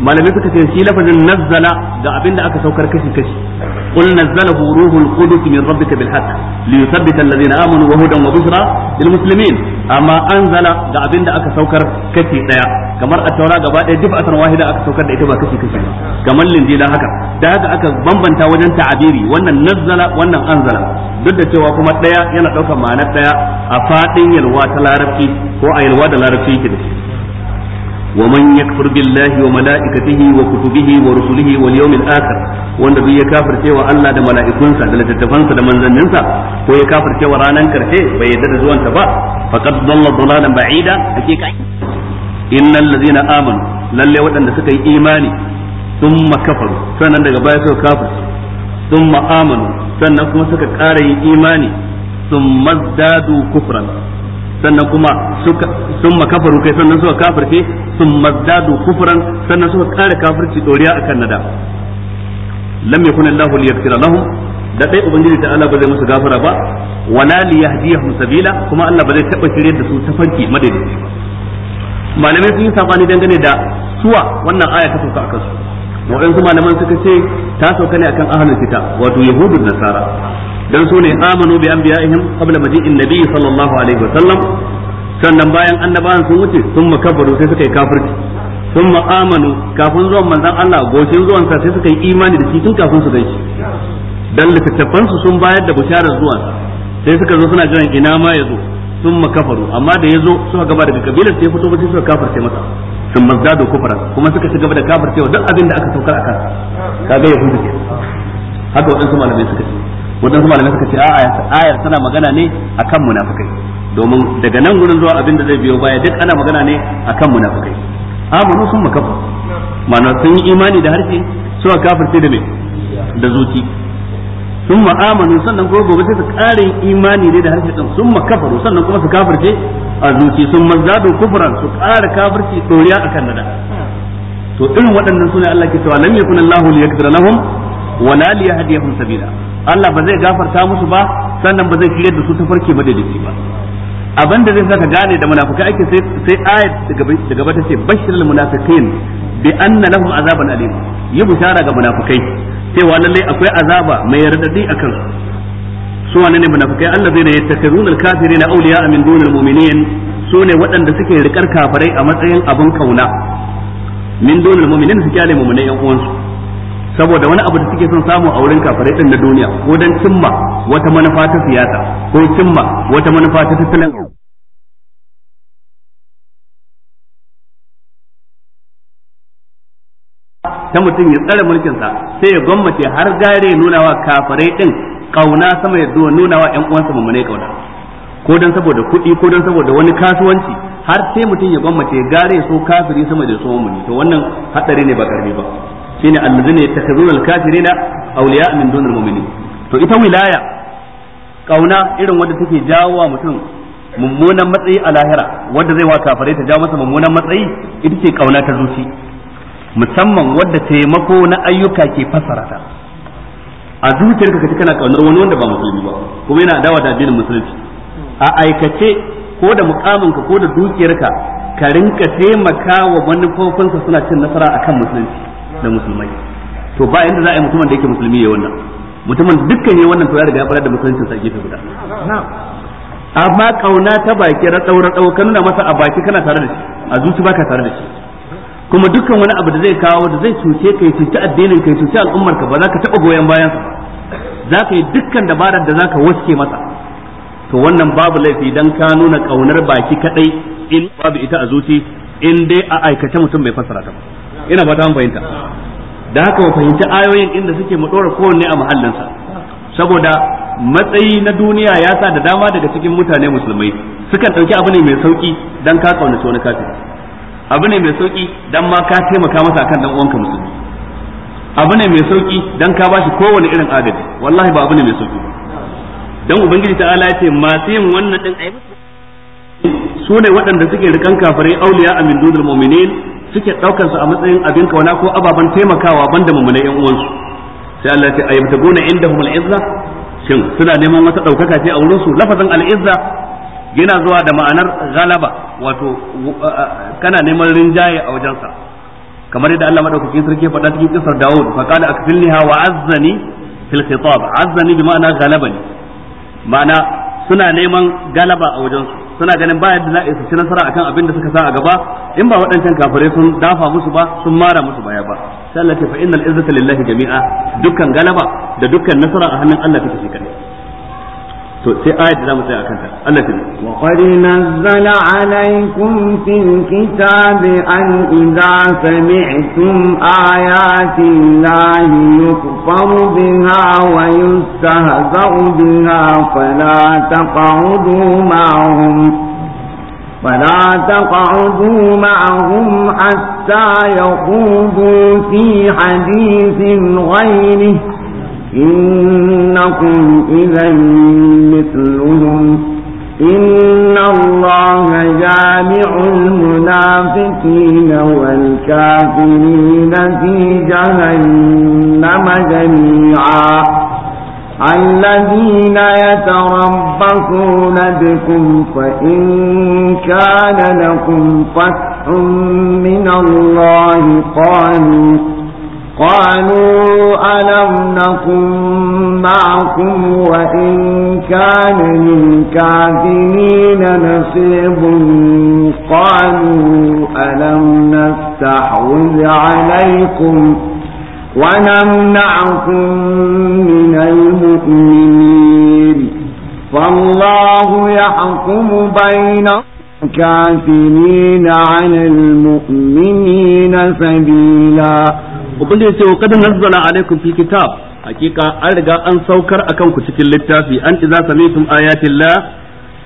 S1: malamai suka ce shi lafazin nazzala ga abinda aka saukar kashi kashi qul nazzalahu ruhul qudus min rabbika bil haqq li yuthabbita alladhina amanu wa hudan wa bushra lil muslimin amma anzala ga abinda aka saukar kashi ɗaya. kamar at-taura gaba daya difatan wahida aka saukar da ita ba kashi kashi ba kamar linjila haka da haka aka bambanta wajen ta'abiri wannan nazzala wannan anzala duk da cewa kuma ɗaya yana daukar ma'anar ɗaya a faɗin yalwa ta larabci ko a yalwa da larabci yake da wa يكفر بالله وملائكته وكتبه ورسله واليوم الاخر وان بي يكفر سوى الله ده ملائكته ده لتتفنس ده منزلنسا هو يكفر سوى ranan karshe bai yarda da zuwan ba faqad dalla dalalan ba'ida hakika ان الذين امنوا لله ودان da suka yi imani thumma kafaru sannan daga baya suka kafir thumma amanu sannan kuma suka kara yin imani thumma zadu kufran sannan kuma suka thumma kafaru kai sannan suka kafirce thumma zadu kufran sannan suka ƙara kafirci doriya akan nada lam yakun Allah liyaghfira da dai ubangiji ta Allah ba zai musu gafara ba wala liyahdiyahum sabila kuma Allah ba zai taba shirye da su tafarki madaidaici malamai sun yi sabani dangane da suwa wannan aya ta sauka akan su waɗansu malaman suka ce ta sauka ne akan ahlul fita wato yahudun nasara dan su ne amanu bi anbiya'ihim qabla maji'in nabiy sallallahu alaihi sallam. sannan bayan annabawan sun wuce sun makabaru sai suka yi kafirci sun ma'amanu kafin zuwan manzan Allah goshin zuwan sa sai suka yi imani da shi tun kafin su gaishe dan littattafan su sun bayar da bisharar zuwan sai suka zo suna jiran ina ma ya zo sun makabaru amma da ya zo suka gaba daga kabilar sai fito ba suka kafirce masa sun mazdado kufara kuma suka ci gaba da kafircewa duk abin da aka saukar a kansa kaga ya hudu haka waɗansu malamai suka ce waɗansu malamai suka ce a'a ayar tana magana ne akan munafikai domin daga nan gurin zuwa abin da zai biyo baya duk ana magana ne akan munafikai amanu sun makafa ma'ana sun yi imani da harshe suka kafirce da mai da zuci sun ma'amanu sannan kuma gobe sai su ƙara imani ne da harshe din sun makafaru sannan kuma su kafirce a zuci sun mazadu kufran su ƙara kafirci doriya akan nada to irin waɗannan sune Allah ke cewa lam yakun Allahu liyaghfir lahum wala liyahdiyahum sabila Allah ba zai gafarta musu ba sannan ba zai kiyar da su ta farke madadaci ba abin da zai saka gane da munafikai ake sai sai ayat da gaba ta ce bashirul munafiqin bi anna lahum azaban alim yi bushara ga munafikai cewa lalle akwai azaba mai radadi akan su wane ne munafikai Allah zai ne yattakhizun al-kafirina awliya min dunil mu'minin su ne waɗanda suke rikar kafirai a matsayin abin kauna min dunil mu'minin su kyale mu'minai yan uwansu saboda wani abu da suke son samu a wurin kafirai din na duniya ko dan cimma wata manufa ta siyasa ko cimma wata manufa ta tattalin ta mutum ya tsare mulkinsa sai ya gwammace har gare nuna wa kafirai din kauna sama ya nuna wa 'yan uwansa mummunai kauna ko dan saboda kuɗi ko dan saboda wani kasuwanci har sai mutum ya gwammace gare so kafiri sama da so muni to wannan hatsari ne ba karfi ba shine allazina yattakhizuna al-kafirina awliya min dunil mu'minin to ita wilaya kauna irin wanda take jawo wa mutum mummunan matsayi a lahira wanda zai wa kafare ta jawo masa mummunan matsayi ita ce kauna ta zuci musamman wadda taimako na ayyuka ke fassara ta a zuciyarka kace kana kaunar wani wanda ba musulmi ba kuma yana dawa da addinin musulunci a aikace ko da mukaminka ko da dukiyarka ka rinka taimaka wa manufofinsa suna cin nasara akan musulunci da musulmai to ba yanda za a yi mutumin da yake musulmi ya wannan mutumin dukkan ne wannan tura daga ya fara da musulunci sa gefe guda amma kauna ta baki radau radau kan nuna masa a baki kana tare da shi a zuci baka tare da shi kuma dukkan wani abu da zai kawo da zai cuce ka ya cuci addinin ka ya cuci al'ummar ka ba za ka taɓa goyon bayan za ka yi dukkan dabarar da za ka waske masa to wannan babu laifi dan ka nuna kaunar baki kadai in babu ita a zuci in dai a aikace mutum bai fassara ta ba ina ba ta fahimta da haka ba fahimci ayoyin inda suke mu dora kowanne a mahallinsa saboda matsayi na duniya ya sa da dama daga cikin mutane musulmai sukan ɗauki abu ne mai sauki dan ka kaunaci wani kafir abu ne mai sauki dan ma ka taimaka masa akan dan uwanka musulmi abu ne mai sauki dan ka bashi kowane irin agaji wallahi ba abu ne mai sauki dan ubangiji ta'ala ya ce masu yin wannan din ayi su ne waɗanda suke rikan kafirai auliya amin dunul mu'minin suke daukar su a matsayin abin kauna ko ababan taimakawa banda mummunai yan uwansu sai Allah ya inda inda al-izza shin suna neman wata daukaka ce a wurin su lafazin al-izza yana zuwa da ma'anar galaba wato kana neman rinjaye a wajensa kamar yadda Allah madaukakin sarki faɗa cikin kisar Dawud fa qala akfilniha wa azzani fil khitab azzani bi ma'ana galabani ma'ana suna neman galaba a wajensu suna ganin ba da za a su ci nasara akan abin da suka sa a gaba in ba waɗancan kafirai sun dafa musu ba sun mara musu baya ba sai fa innal izzata lillahi jami'a dukkan galaba da dukkan nasara a hannun Allah take shi kadai to sai ayat da zamu tsaya kanta Allah ta wa
S2: qad nazzala alaykum fil kitabi an idza sami'tum ayati llahi yukfaru biha wa yustahza'u biha fala taq'udu ma'hum فلا تقعدوا معهم حتى يخوضوا في حديث غيره إنكم إذا مثلهم إن الله جامع المنافقين والكافرين في جهنم جميعا الذين يتربصون بكم فإن كان لكم فتح من الله قالوا قالوا ألم نكن معكم وإن كان للكافرين نصيب قالوا ألم نستحوذ عليكم ونمنعكم من المؤمنين فالله يحكم بين الكافرين عن المؤمنين سبيلاً ubangiji ce wa qad
S1: nazzala alaikum fil kitab hakika an riga an saukar akan ku cikin littafi an idza samitum ayatillah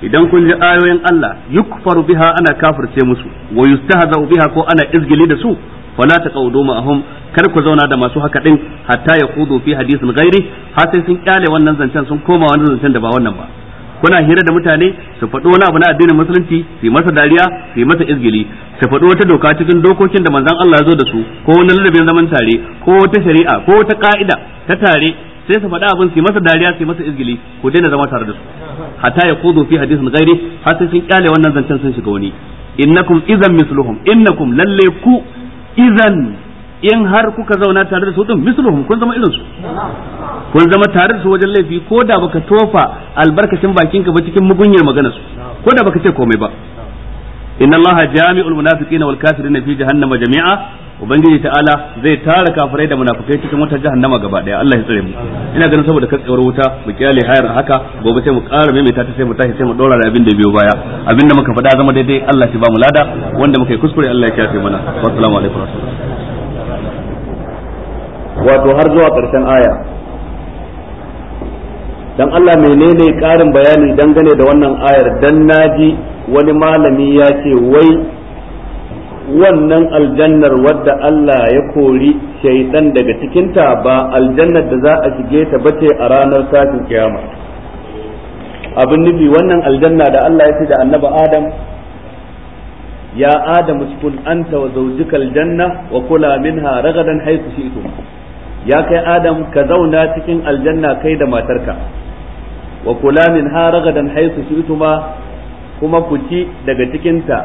S1: idan kun ji ayoyin Allah yukfaru biha ana kafirce musu wa yustahza'u biha ko ana izgili da su fala taqudu ma'ahum kar ku zauna da masu haka din hatta yaqudu fi hadisin ghairi har sai sun kyale wannan zancen sun koma wannan zancen da ba wannan ba kuna hira da mutane su faɗo wani abu na addinin musulunci su yi masa dariya su yi masa izgili su faɗo wata doka cikin dokokin da manzan Allah ya zo da su ko wani ladabin zaman tare ko ta shari'a ko wata ka'ida ta tare sai su faɗa abin su yi masa dariya su yi masa izgili ku daina zama tare da su hatta ya kudu fi hadisin gairi har sai sun kyale wannan zancen sun shiga wani innakum idan misluhum innakum lalle ku izan. in har kuka zauna tare da su din misluhum kun zama irin su kun zama tare da su wajen laifi ko da baka tofa albarkacin bakinka ba cikin mugunyar magana su ko da baka ce komai ba inna allaha jami'ul munafiqina wal kafirina fi jahannama jami'a ubangiji ta'ala zai tara kafirai da munafikai cikin wata jahannama gaba daya Allah ya tsare mu ina ganin saboda katsewar wuta mu kyale hayar haka gobe sai mu ƙara maimaita ta sai mu tashi sai mu dora da abin da biyo baya abin da muka faɗa zama daidai Allah ya ba mu lada wanda muka yi kuskure Allah ya kiyaye mana assalamu alaikum wato har zuwa ƙarshen aya dan Allah menene ƙarin bayani dangane da wannan ayar dan naji wani malami ya ce wai wannan aljannar wadda Allah ya kori shaidan daga cikinta ba aljannar da za a shige ta bace a ranar sashin kiyama abin nufi wannan aljanna da Allah ya ce da annaba Adam ya Adam uskun anta wa zawjika aljanna wa kula minha ragadan haythu shi'tum ya kai adam ka zauna cikin aljanna kai da matarka wa kula min ha ragadan haisu shi'tuma kuma ku ci daga cikin ta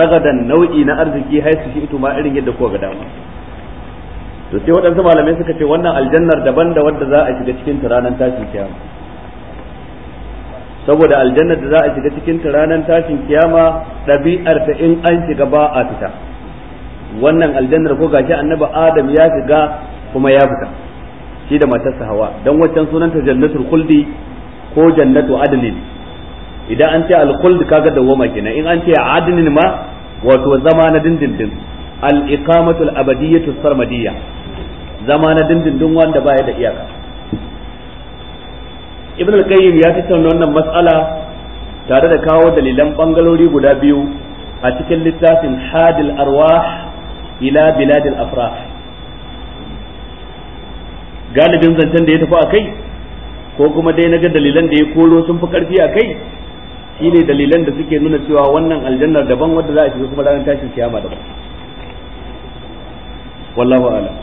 S1: ragadan nau'i na arziki haisu shi'tuma irin yadda kuka ga dama to sai waɗansu malamai suka ce wannan aljannar daban da wadda za a shiga cikin ta ranar tashin kiyama saboda aljannar da za a shiga cikin ta ranar tashin kiyama ɗabi'ar ta in an shiga ba a fita wannan aljannar ko gashi annabi adam ya shiga kuma ya fita shi da matarsa hawa dan waccan sunanta jannatul khuldi ko jannatu adlin idan an ce al-khuld kaga dawwama kenan in an ce adnin ma wato zama na dindindin al-iqamatul abadiyatu sarmadiyya zama na dindindin wanda baya da iyaka ibn al-qayyim ya tattauna wannan mas'ala tare da kawo dalilan bangalori guda biyu a cikin littafin hadil arwah ila biladil afrah galibin zancen da ya tafi a kai ko kuma dai na ga dalilan da ya koro sun fi karfi a kai shi ne dalilan da suke nuna cewa wannan aljannar daban wadda za a shiga kuma ranar tashin kiyama daban wallahu a'lam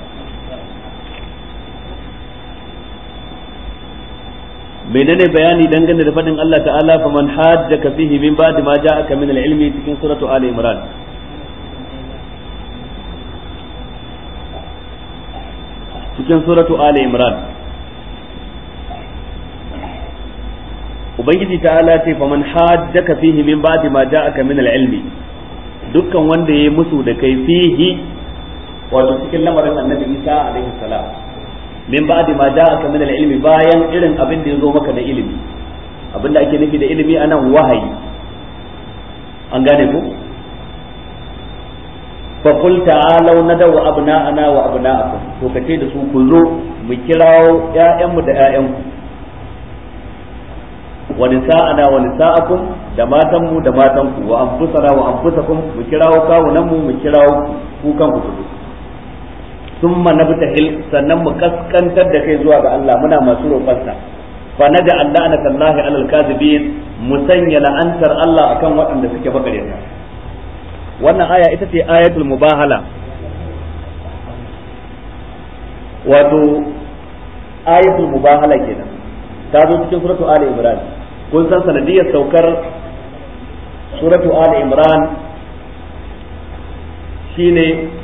S1: menene bayani dangane da faɗin Allah ta'ala faman hajjaka fihi min ba'di ma ja'aka min al-ilmi cikin suratu Ali Imran cikin suratu ali imran ubangiji ala ce faman hajjaka fihi min ba'di ma ja'aka min al-ilmi dukkan wanda yayi musu da kai fihi wato cikin lamarin annabi isa alaihi salam min ba'di ma ja'aka min al-ilmi bayan irin abin da ya zo maka da ilimi abin da ake nufi da ilimi anan wahayi an gane ko fa qul ta'alu nadaw abna'ana wa abna'akum to kace da su ku zo mu kirawo ƴaƴanmu da ƴaƴanku wa nisa'ana wa nisa'akum da matanmu da matanku wa anfusana wa anfusakum mu kirawo kawunanmu mu kirawo ku kanku ku zo summa hil sannan mu kaskantar da kai zuwa ga Allah muna masu roƙonsa fa nada Allah na tallahi alal kadibin mu sanya la'antar Allah akan waɗanda suke bakarinsa wannan aya ita ce ayatul mubahala wato ayatul mubahala kenan ta zo cikin suratu ali imran kun san sanadiyar saukar suratu ali imran shine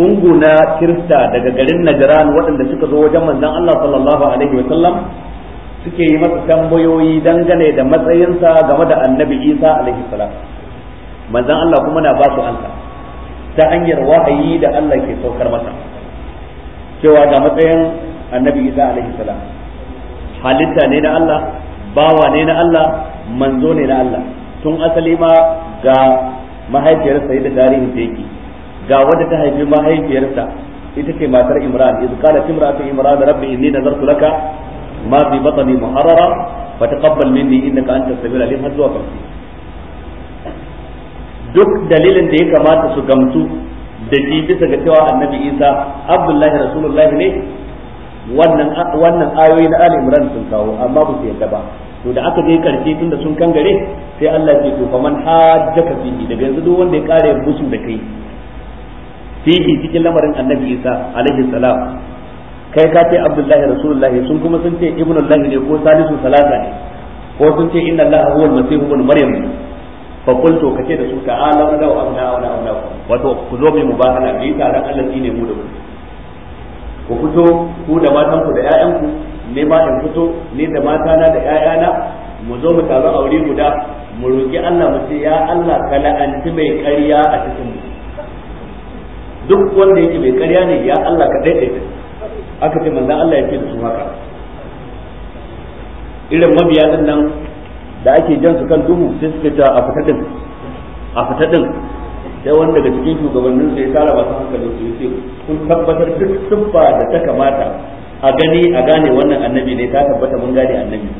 S1: gungu na kirista daga garin najran waɗanda suka zo wajen manzon Allah sallallahu alaihi wa sallam suke yi masa tambayoyi dangane da matsayinsa game da annabi Isa alaihi salam manzon Allah kuma na ba su ansa ta hanyar wahayi da Allah ke saukar masa cewa ga matsayin annabi Isa alaihi salam halitta ne na Allah bawa ne na Allah manzo ne na Allah tun asali ma ga mahaifiyarsa yadda tarihin ta yake ga wadda ta haifi mahaifiyarsa ita ce matar Imran idh qalat imra'atu Imran rabbi inni nazartu laka ma fi batni muharrara fataqabbal minni innaka antas samiul alim har zuwa ba. duk dalilin da ya kamata su gamsu da shi bisa ga cewa annabi isa abdullahi rasulullahi ne wannan ayoyi na ali imran sun kawo amma ba su yadda ba to da aka je karshe da sun kangare sai Allah ya to faman hajjaka fihi daga yanzu duk wanda ya kare musu da kai fihi cikin lamarin annabi isa alaihi salam kai ka ce abdullahi rasulullahi sun kuma sun ce allah ne ko salisu Salata ne ko sun ce inna allaha huwa almasihu ibn maryam fa qultu kace da su ta,
S2: ta'ala da wa amna wa
S1: amna wato ku zo mu mubahala mu yi taron Allah ne mu da ku ku fito ku da matan ku da ƴaƴan ku ne ma in fito ne da mata na da ƴaƴana mu zo mu taru aure guda mu roki Allah mu ce ya Allah ka la'anci mai ƙarya a cikin mu duk wanda yake mai ƙarya ne ya Allah ka daidaita aka ce manzon Allah ya ce da su haka irin mabiya din nan da ake jan su kan duhu sai suka ta a fita a fita sai wanda daga cikin shugabannin sai tara su hankali su yi kun tabbatar duk siffa da ta kamata a gani a gane wannan annabi ne ta tabbata mun gane annabi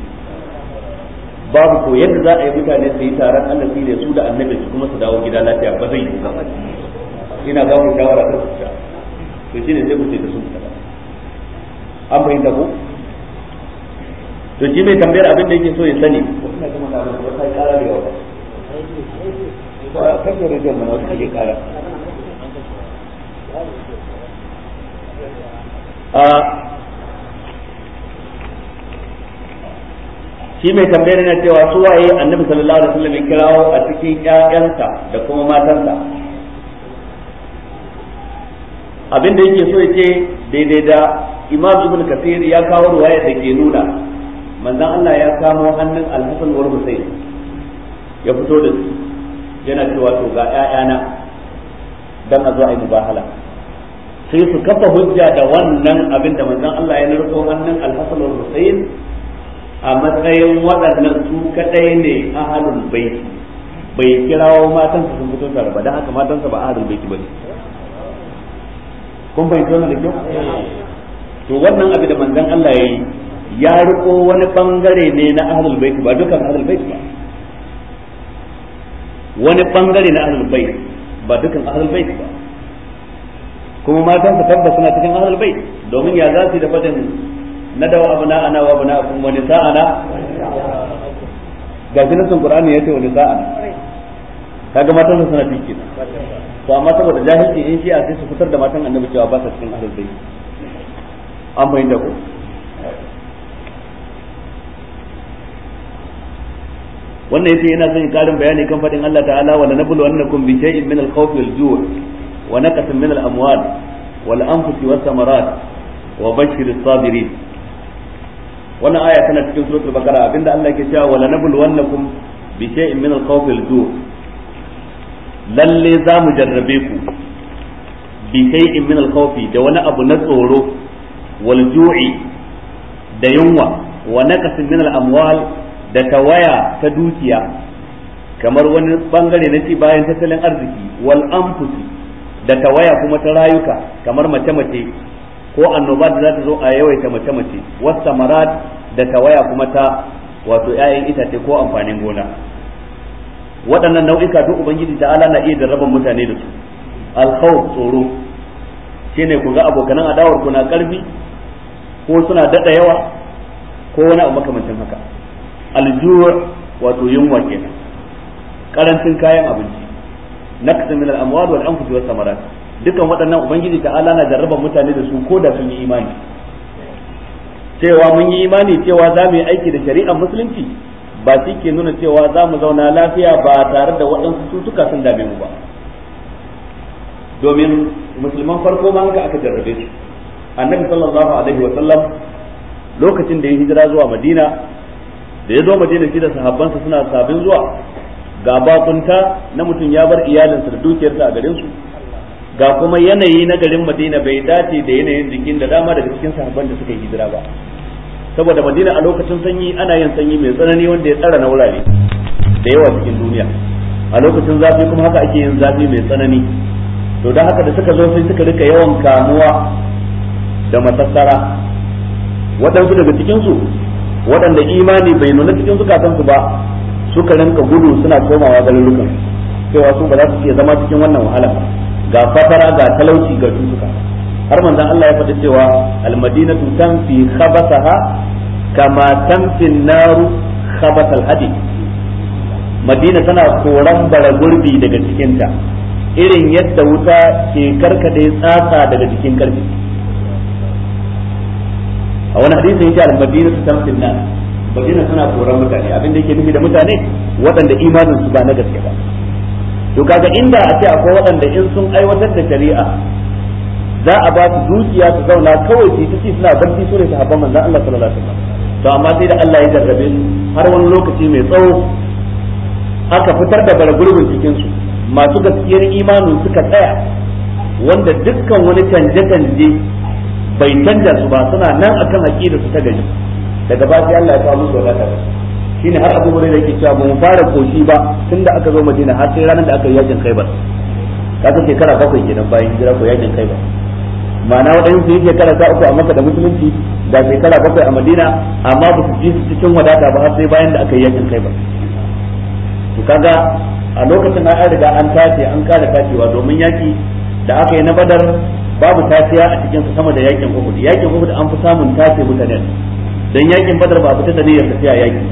S1: babu ko yadda za a yi mutane su yi taron su ne su da annabi su kuma su dawo gida lafiya ba zai yi ina ba mu shawara ta su ta to shine sai mu ce da su ta an fahimta ko to shi mai tambayar abin da yake so ya sani shi mai tambayar yana cewa su waye annabi sallallahu alaihi wasallam ya kirawo a cikin ƴaƴansa da kuma matansa abin da yake so ya ce daidai da imam ibn kasir ya kawo ruwaya da ke nuna manzan Allah ya kamo hannun alhassan wa husayn ya fito da su yana cewa to ga ƴaƴana dan a zo a yi mubahala sai su kafa hujja da wannan abin da manzan Allah ya narko hannun alhassan wa husayn a matsayin waɗannan su kadai ne ahalul baiti bai kirawo matansa sun fito tare ba dan haka sa ba ahalul baiti bane kun bai tona da kyau to wannan abin da manzan Allah ya yi ya riko wani bangare ne na ahlul bait ba dukan ahlul bait ba wani bangare na ahlul bait ba dukan ahlul bait ba kuma matan su tabbas suna cikin ahlul bait domin ya za su da fadin nadawa abuna ana wa abuna kun wani sa'ana ga jinin sun qur'ani yace wani sa'ana kaga matan su suna fiki to amma saboda jahilci in shi a sai su fitar da matan annabi cewa ba su cikin ahlul bait amma inda ko wannan yace yana son karin bayani kan fadin Allah ta'ala wala nablu annakum bi shay'in min al-khawfi wal-ju' wa naqatin min al-amwal wal-anfusi was-samarat wa bashir as-sabirin wannan aya tana cikin suratul bakara abinda Allah ke cewa wala nablu annakum bi shay'in min al-khawfi wal-ju' lalle za mu jarrabe ku bi shay'in min al-khawfi da wani abu na tsoro wal-ju'i da yunwa wa naqatin min al-amwal da tawaya ta dukiya kamar wani bangare na ci bayan tattalin arziki wal anfusi da tawaya kuma ta rayuka kamar mace-mace ko annoba da za ta zo a yawaita mace-mace wasu marad da tawaya kuma ta wato 'ya'yan itace ko amfanin gona waɗannan nau'ika duk ubangiji ta'ala na iya jarraban mutane da su alkhawf tsoro shine ku ga abokanan adawar ku na karfi ko suna dada yawa ko wani abu makamancin haka aljuwa wato yunwa kenan karancin kayan abinci naqsa min al-amwal wal anfus was samarat dukan waɗannan ubangiji ta'ala na jarraba mutane da su ko da sun yi imani cewa mun yi imani cewa za mu yi aiki da shari'ar musulunci ba shi ke nuna cewa za mu zauna lafiya ba tare da waɗansu cutuka sun dame mu ba domin musulman farko ma haka aka jarrabe su annabi sallallahu alaihi wa sallam lokacin da ya hijira zuwa madina da ya zo madina shi da sahabbansa suna sabin zuwa ga bakunta na mutum ya bar iyalinsa da dukiyarsa a garin su ga kuma yanayi na garin madina bai dace da yanayin jikin da dama daga cikin sahabban da suka yi hijira ba saboda madina a lokacin sanyi ana yin sanyi mai tsanani wanda ya tsara na wurare da yawa cikin duniya a lokacin zafi kuma haka ake yin zafi mai tsanani to don haka da suka zo sai suka rika yawan kamuwa da matattara waɗansu daga cikinsu waɗanda imani bai nuna cikin zukatansu ba suka rinka gudu suna komawa garurukan cewa su ba za su iya zama cikin wannan wahala ga fatara ga talauci ga cutuka har manzon Allah ya faɗi cewa almadinatu tanfi khabasaha kama tanfi naru khabasal hadi madina tana koran bara gurbi daga cikinta irin yadda wuta ke karkade tsatsa daga cikin karfi a wani hadisin yake al-madina ta nas madina suna koran mutane abin da yake nufi da mutane waɗanda imanin su ba na gaske ba to kaga inda a ce akwai waɗanda in sun aiwatar da shari'a za a ba su dukiya su zauna kawai su ta suna barci su ne sahabban manzon Allah sallallahu alaihi wasallam to amma sai da Allah ya jarrabe su har wani lokaci mai tsawo aka fitar da baragurbin cikin su masu gaskiyar imanin suka tsaya wanda dukkan wani canje-canje bai canja su ba suna nan akan aqida su ta gari daga ba sai Allah ya kawo musu wadata shine har Abu da yake cewa ba mu fara koshi ba tunda aka zo Madina har sai ranar da aka yi yakin Khaibar kaga shekara bakwai kenan bayan hijira ko yakin Khaibar ma'ana waɗansu yi shekara ta uku a maka da musulunci da shekara bakwai a madina amma ba su ji su cikin wadata ba sai bayan da aka yi yakin kai ba to kaga a lokacin an riga an tace an kada tacewa domin yaki da aka yi na badar babu tasiya a cikin sama da yakin Uhud yakin Uhud an fi samun tafiya mutane dan yakin Badar ba fita da niyyar tafiya yaki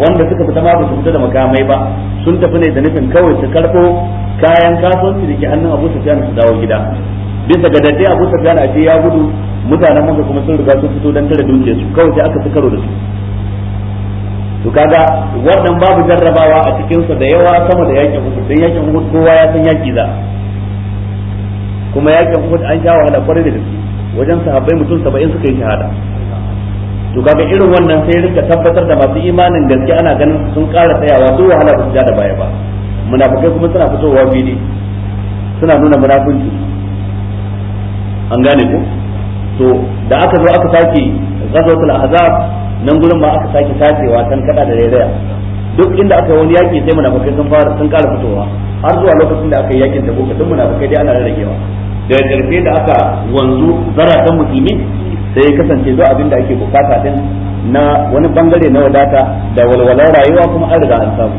S1: wanda suka fita ma ba su fita da makamai ba sun tafi ne da nufin kawai su karbo kayan kasuwanci da ke hannun Abu Sufyan su dawo gida bisa ga dadde Abu Sufyan a ce ya gudu mutanen Makka kuma sun riga sun fito dan tare dukiyar su kawai sai aka fi karo da su to kaga wannan babu jarrabawa a cikin sa da yawa sama da yakin Uhud dan yakin Uhud kowa ya san yaki za kuma yakin Uhud an sha wahala kwarai da gaske wajen sahabbai mutum 70 suka yi shahada to kaga irin wannan sai rinka tabbatar da masu imanin gaske ana ganin sun ƙara tsayawa duk wahala ba su ja da baya ba munafikai kuma suna fitowa fili suna nuna munafunci an gane ko to da aka zo aka sake ghazwatul ahzab nan gurin ma aka sake tacewa kan kada da rayaya duk inda aka wani yaki sai munafikai sun fara sun ƙara fitowa har zuwa lokacin da aka yi yakin boka duk munafikai dai ana rarragewa daga karfe da aka wanzu zaratan musulmi sai ya kasance zuwa abin da ake bukata din na wani bangare na wadata da walwalar rayuwa kuma an riga an samu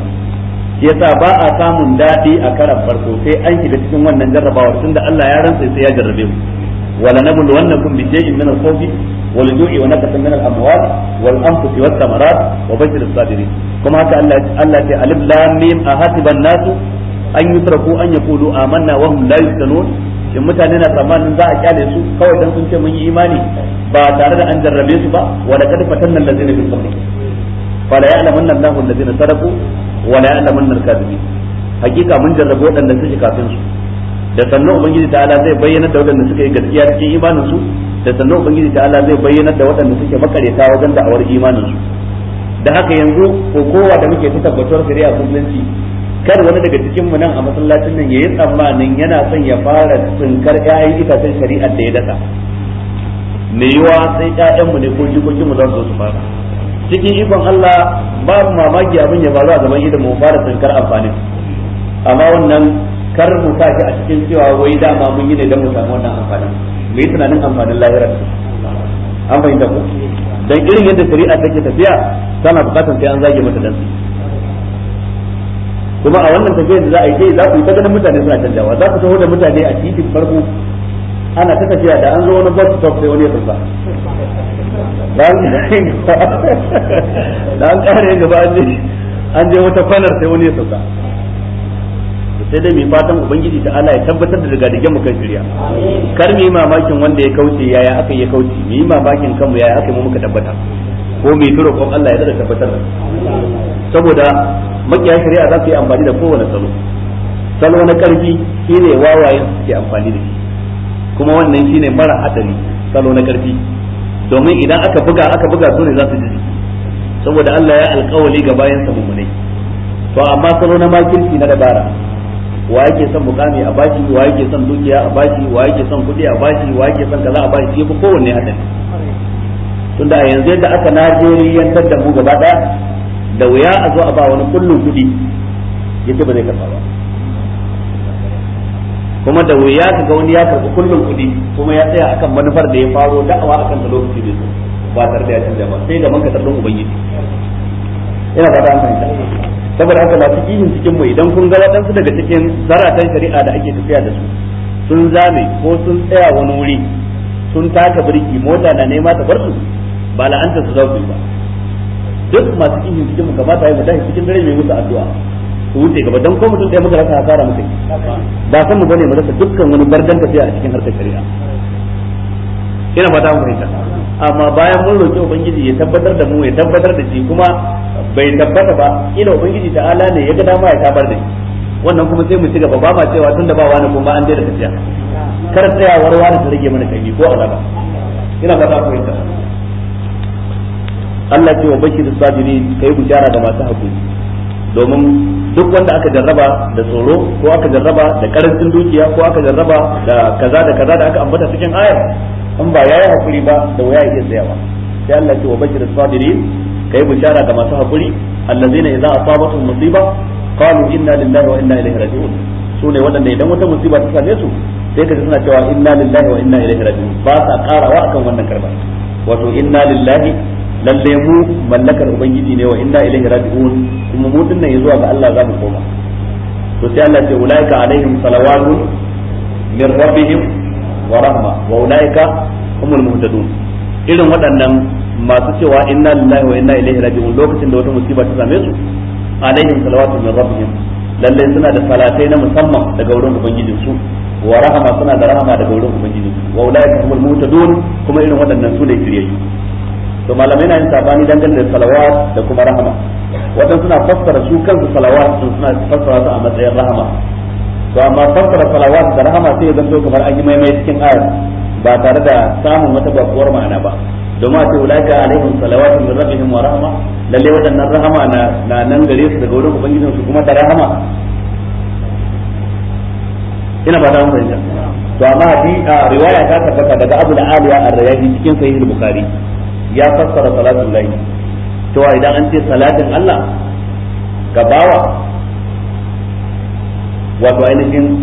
S1: yasa ba a samun daɗi a karan farko sai an shiga cikin wannan jarrabawar da Allah ya rantsa sai ya jarrabe ku wala nablu wannakum bi shay'in min al-khawfi wal ju'i wa naqsan min al-amwal wal anfusi wat thamarat wa bashir as-sabirin kuma haka Allah Allah ta alif lam mim ahasiban nasu an yusraku an yaqulu amanna wa hum la yuftanun shin mutane na tsammanin za a kyale su kawai dan sun ce mun yi imani ba tare da an jarrabe su ba wa da kad fatanna allazina min qablik fa la ya'lamanna Allahu allazina sadaku wa la ya'lamanna al-kadhibin hakika mun jarrabe wadanda suke kafin su da sannan ubangiji ta'ala zai bayyana da wadanda suke gaskiya cikin imanin su da sannan ubangiji ta'ala zai bayyana da wadanda suke makareta wajen da'awar imanin su da haka yanzu ko kowa da muke ta tabbatar shari'a musulunci kar wani daga cikin mu nan a masallacin nan yayi tsammanin yana son ya fara tsinkar ƴaƴan itacen shari'ar da ya dasa me yiwa sai ƴaƴan mu ne ko jikokin mu za su su fara cikin ikon Allah babu mamaki abin ya faru a gaban idan mu fara tsinkar amfani amma wannan kar mu sa a cikin cewa wai dama mun yi ne don mu samu wannan amfanin me tunanin amfanin lahira an fahimta ku dan irin yadda shari'a take tafiya tana bukatar sai an zage mata dantsi kuma a wannan tafiyar da za a yi za ku yi ta ganin mutane suna canjawa za ku taho da mutane a titin farko ana ta tafiya da an zo wani bus stop sai wani ya tsufa
S3: da an kare gaba
S1: an je an je wata kwanar sai wani ya tsufa sai dai mai fatan ubangiji ta ala ya tabbatar da daga dagen kan shirya kar mu yi mamakin wanda ya kauce yaya aka yi kauce mu yi mamakin kanmu yaya aka yi mu muka tabbata ko mai turo ko Allah ya da tabbatar da saboda makiya shari'a za su yi amfani da kowane salo salo na karfi shine wawayen suke amfani da shi kuma wannan shine mara hadari salo na karfi domin idan aka buga aka buga su ne za su ji saboda Allah ya alkawali ga bayan sa mummunai to amma salo na makirci na dabara wa yake son mukami a bashi wa yake son dukiya a bashi wa yake son kuɗi a bashi wa yake son kaza a bashi shi fi kowanne hadari tunda a yanzu yadda aka najeriyantar da mu gaba daya da wuya a zo a ba wani kullum kudi yace ba zai karba ba kuma da wuya ka ga wani ya karbi kullum kudi kuma ya tsaya akan manufar da ya faro da'awa akan ta lokaci da su ba tare da ya canja ba sai da manka kasar don ubangiji ina ba ta amfani saboda haka masu ihin cikin mu idan kun ga waɗansu daga cikin zaratan shari'a da ake tafiya da su sun zame ko sun tsaya wani wuri sun taka birki mota na nema ta bar su ba la'antar su za ku yi ba duk masu kihin cikin mu kamata yi mutahi cikin dare mai musu addu'a ku wuce gaba dan ko mutum ɗaya muka rasa hasara muka ba san mu bane mu dukkan wani bardan tafiya a cikin harkar shari'a ina fata mu fahimta amma bayan mun roki ubangiji ya tabbatar da mu ya tabbatar da shi kuma bai tabbata ba ina ubangiji ta'ala ne ya ga dama ya tabar da shi wannan kuma sai mu ci gaba ba ma cewa tun da ba wani kuma an daina tafiya kar tsayawar wani ta rage mana kai ko azaba ina fata ku fahimta Allah ce wa bashir sabiri kai bishara ga masu hakuri domin duk wanda aka jarraba da tsoro ko aka jarraba da karancin dukiya ko aka jarraba da kaza da kaza da aka ambata cikin ayar in ba yayi hakuri ba da waya iya tsayawa sai Allah ce wa bashir sabiri kai bishara ga masu hakuri allazina idza asabatuhum musiba qalu inna lillahi wa inna ilaihi raji'un ne wadanda idan wata musiba ta same su sai ka suna cewa inna lillahi wa inna ilaihi raji'un ba sa karawa akan wannan karba wato inna lillahi Lallai mu mallakar ubangiji ne wa inna ilaihi raji'un kuma mu dinnan ya zuwa ga Allah za mu koma to sai Allah ce ulaika alaihim salawatu min rabbihim wa rahma wa ulaika humul muhtadun irin waɗannan masu cewa inna lillahi wa inna ilaihi raji'un lokacin da wata musiba ta same su alaihim salawatu min rabbihim lalle suna da salatai na musamman daga wurin ubangijin su wa rahama suna da rahama daga wurin ubangiji wa ulaika humul muhtadun kuma irin waɗannan su ne shiryayyu to malamai na yin sabani dangane da salawat da kuma rahama wadan suna fassara su kansu salawat sun suna fassara su a matsayin rahama to amma fassara salawat da rahama sai ya zanto kamar an yi maimai cikin ayat ba tare da samun wata bakuwar ma'ana ba domin a ce ulaika alaihim salawat min rabbihim wa rahama lalle wadannan rahama na na nan gare su daga wurin ubangijin su kuma da rahama ina ba ta mun fahimta to amma a riwaya ta tabbata daga Abu da Aliya ar rayyi cikin sahih al-Bukhari ya fassara Salatu lahi cewa idan an ce salatin Allah ga bawa wato ainihin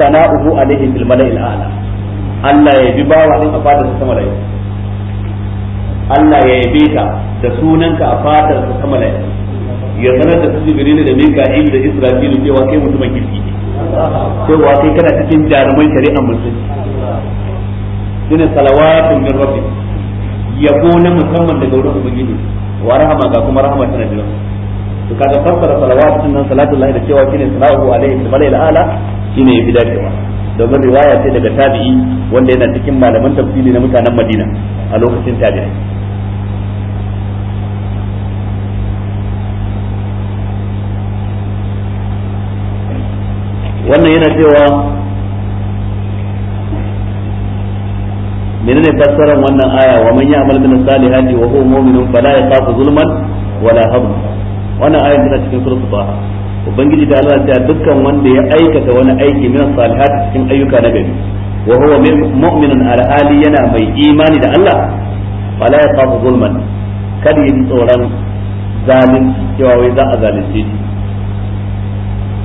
S1: sana'uhu alaihi fil mala'il a'la Allah ya bi bawa din a fadar sa sama Allah ya yabe ka da sunanka a fadar sa sama ya sanar da su ne da Mika'il da isra'il, cewa kai mutumin kirki ne
S3: cewa kai kana
S1: cikin jarumai shari'ar musulunci shine salawatun min rabbika yabo na musamman daga wurin ubangiji wa rahama ga kuma rahama tana jira to kaga fassara salawat din nan salatu lillahi da cewa shine salahu alaihi wa alihi ala shine yafi dacewa domin riwaya ce daga tabi'i wanda yana cikin malaman tafsiri na mutanen Madina a lokacin tabi'i wannan yana cewa menene fassarar wannan aya wa man ya'mal min salihati wa huwa mu'minun fala yaqafu zulman wala hadma wannan aya tana cikin suratul taha ubangiji da Allah ya dukkan wanda ya aikata wani aiki min salihati cikin ayyuka na gari wa huwa mu'minun ala ali yana mai imani da Allah fala yaqafu zulman kada yi tsoron zalunci cewa wai za a zalunce shi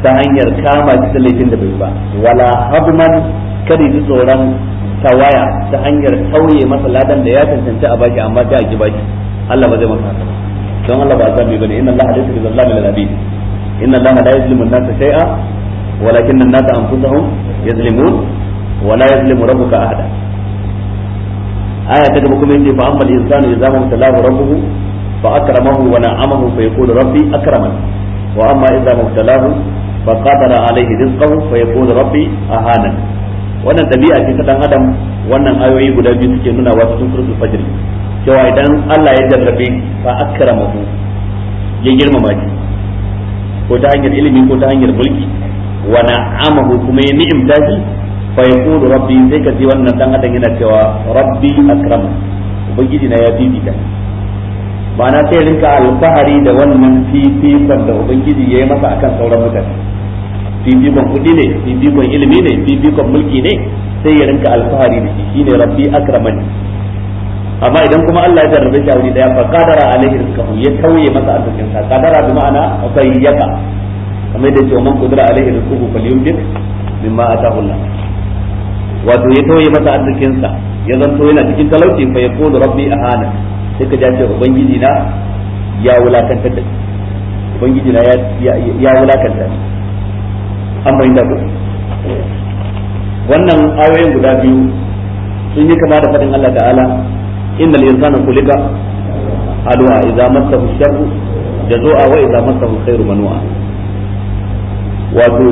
S1: ta hanyar kama shi da laifin da bai ba wala hadman kada yi tsoron tawaya ta hanyar tauye masa ladan da ya cancanci a baki amma ta ki baki Allah ba zai masa haka don Allah ba zabi bane inna Allah laysa bizallamin lil abid inna Allah la yuzlimu an-nasa shay'a walakinna an-nasa anfusahum yuzlimun wa la yuzlimu rabbuka ahada aya ta gaba kuma yace fa amma al-insanu idza ma talahu rabbuhu fa akramahu wa na'amahu fa yaqulu rabbi akraman wa amma idza ma talahu fa qadara alayhi rizqahu fa yaqulu rabbi ahana wannan dabi'a ce ta dan adam wannan ayoyi guda biyu suke nuna wa cikin suratul fajr cewa idan Allah ya jarrabe fa akramahu ya girmama shi ko ta hanyar ilimi ko ta hanyar mulki wa na'amahu kuma ya ni'imta shi fa yaqulu rabbi sai ka ji wannan dan adam yana cewa rabbi akrama ubangiji na ya ba ma'ana sai rinka alfahari da wannan fifikon da ubangiji ya yi masa akan sauran mutane fifikon kuɗi ne fifikon ilimi ne fifikon mulki ne sai ya rinka alfahari da shi shine rabbi akramani amma idan kuma Allah ya jarrabe shi a wuri daya fa qadara alaihi rizqahu ya tauye masa arzikin sa qadara bi ma'ana yaka kamar da cewa man qadara alaihi rizquhu falyunfiq mimma ta Allah wato ya tauye masa arzikin sa ya zanto yana cikin talauci fa yaqulu rabbi ahana sai ka ji ubangiji na ya wulakanta da ubangiji na ya wulakanta an fahimta ko wannan ayoyin guda biyu sun yi kama da faɗin Allah ta'ala innal insana khuliqa alwa idza massahu sharru jazua wa idza massahu khairu manua wato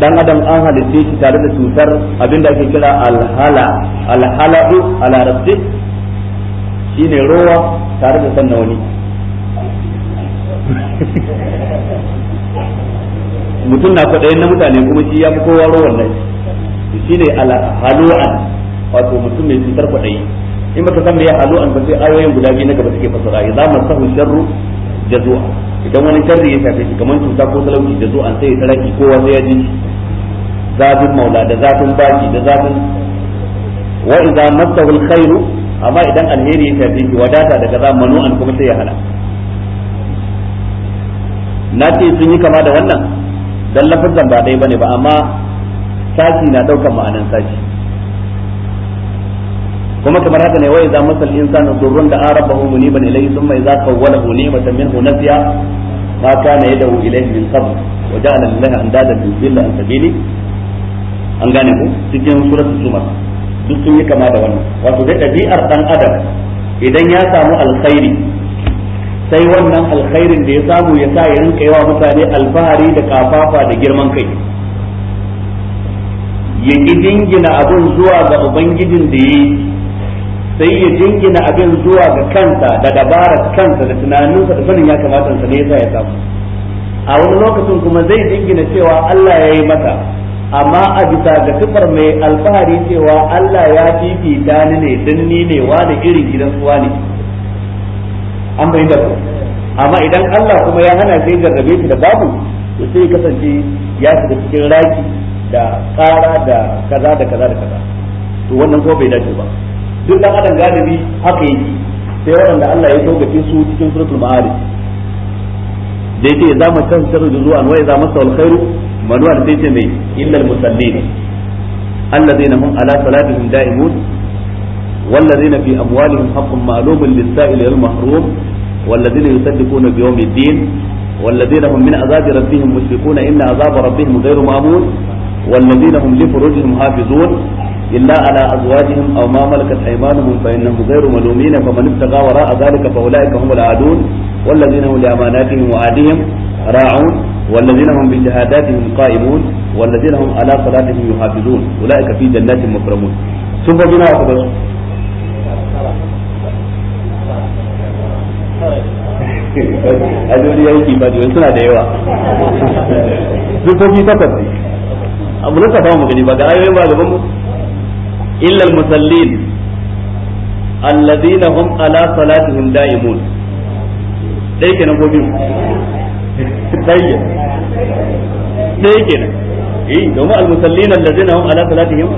S1: dan adam an halitta shi tare da cutar abinda ake kira alhala a ala rabbi shine rowa tare da sanna wani <laughs> mutum na kwaɗayin na mutane kuma shi ya fi kowa rowan nan shi ne halu'an wato mutum mai cutar kwaɗayi in ba ta san me ya halu'an ba sai ayoyin guda biyu na gaba suke fasara mu sahu sharru jazua idan wani sharri ya shafe shi kamar cuta ko talauci jazuan sai ya taraki kowa sai ya ji zafin maula da zafin baki da zafin wa idza masahu alkhairu amma idan alheri ya shafe shi wadata daga an kuma sai ya hana na ce sun yi kama da wannan dan lafazan ba dai bane ba amma saki na daukan ma'anan saki kuma kamar haka ne wai za masal insanu durrun da arabahu muniban ilayhi thumma idza kawwalahu ni'matan minhu nasiya ma kana yadahu ilayhi min qabl wa ja'ala lillahi bi yudilla an tabili an gane ku cikin suratul zumar duk sun yi kama da wannan wato dai ɗabi'ar dan adam idan ya samu alkhairi sai wannan alkhairin da ya samu ya sa ya rinka yawa mutane alfahari da kafafa da girman kai ya ki dingina abin zuwa ga ubangijin da yi sai ya dingina abin zuwa ga kansa da dabarar kansa da tunaninsa da sanin ya kamata sa ne sa ya samu a wani lokacin kuma zai dingina cewa Allah ya yi mata amma a bisa ga sifar mai alfahari cewa Allah ya fifita ni ne dan ni ne wani irin gidan suwa ne an bai da amma idan Allah kuma ya hana zai jarrabe shi da babu to sai kasance ya shiga cikin raki da kara da kaza da kaza da kaza to wannan ko bai dace ba duk dan adam galibi haka yake sai wanda Allah ya togace su cikin suratul ma'arij dai dai za mu kan sharru zuwan wa za masa alkhairu mai dai dai mai illa almusallin alladheena hum ala salatihim da'imun والذين في أموالهم حق معلوم للسائل والمحروم والذين يصدقون بيوم الدين والذين هم من عذاب ربهم مشفقون إن عذاب ربهم غير مأمون والذين هم لفروجهم حافظون إلا على أزواجهم أو ما ملكت أيمانهم فإنهم غير ملومين فمن ابتغى وراء ذلك فأولئك هم العادون والذين هم لأماناتهم وعادهم راعون والذين هم بشهاداتهم قائمون والذين هم على صلاتهم يحافظون أولئك في جنات مكرمون ثم بنا وقبلوا
S3: a duniya yake ba duniya suna da yawa zukoki takwas ne
S1: abu na kafa mu gani ba ga ayoyin ba gaban mu illa al-musallin alladhina hum ala salatihim daimun dai kenan dai dai kenan eh domin al-musallin alladhina hum ala salatihim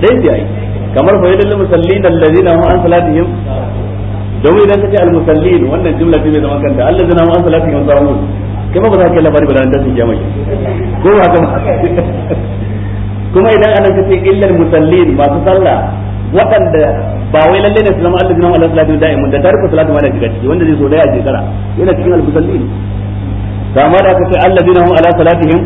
S1: dai dai kamar fa yadul musallin alladhina hum an salatihim domin idan kace al musallin wannan jumla ce mai zaman kanta alladhina hum an salatihim sahun kai ba za ka labari ba dan da su jama'i
S3: ko ba ka
S1: kuma idan ana kace illal musallin masu sallah waɗanda ba wai lalle ne su zama Allah jinan Allah salatu da'imun da tarifa salatu ma da shiga ciki wanda zai so daya a shekara yana cikin al-musallin to ma da aka ce Allah jinan ala salatihim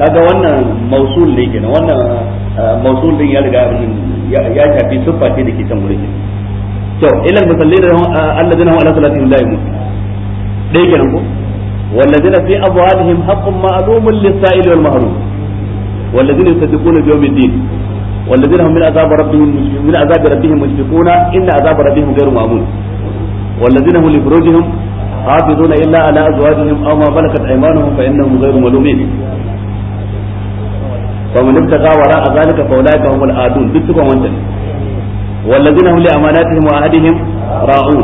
S1: kaga wannan mausul ne kenan wannan آه، موصول din يلقى riga في shafi siffa ce da إلا can الذين هم على musallin لا hum ala salatihim والذين في أبوالهم حق معلوم للسائل والمحروم والذين يصدقون بيوم الدين والذين هم من عذاب ربهم من عذاب ربهم مشفقون إن عذاب ربهم غير مأمون والذين هم لفروجهم حافظون إلا على أزواجهم أو ما ملكت أيمانهم فإنهم غير ملومين fa man ibtaqa wara zalika fa ulaika humul adun والذين هم لأماناتهم وعهدهم راعون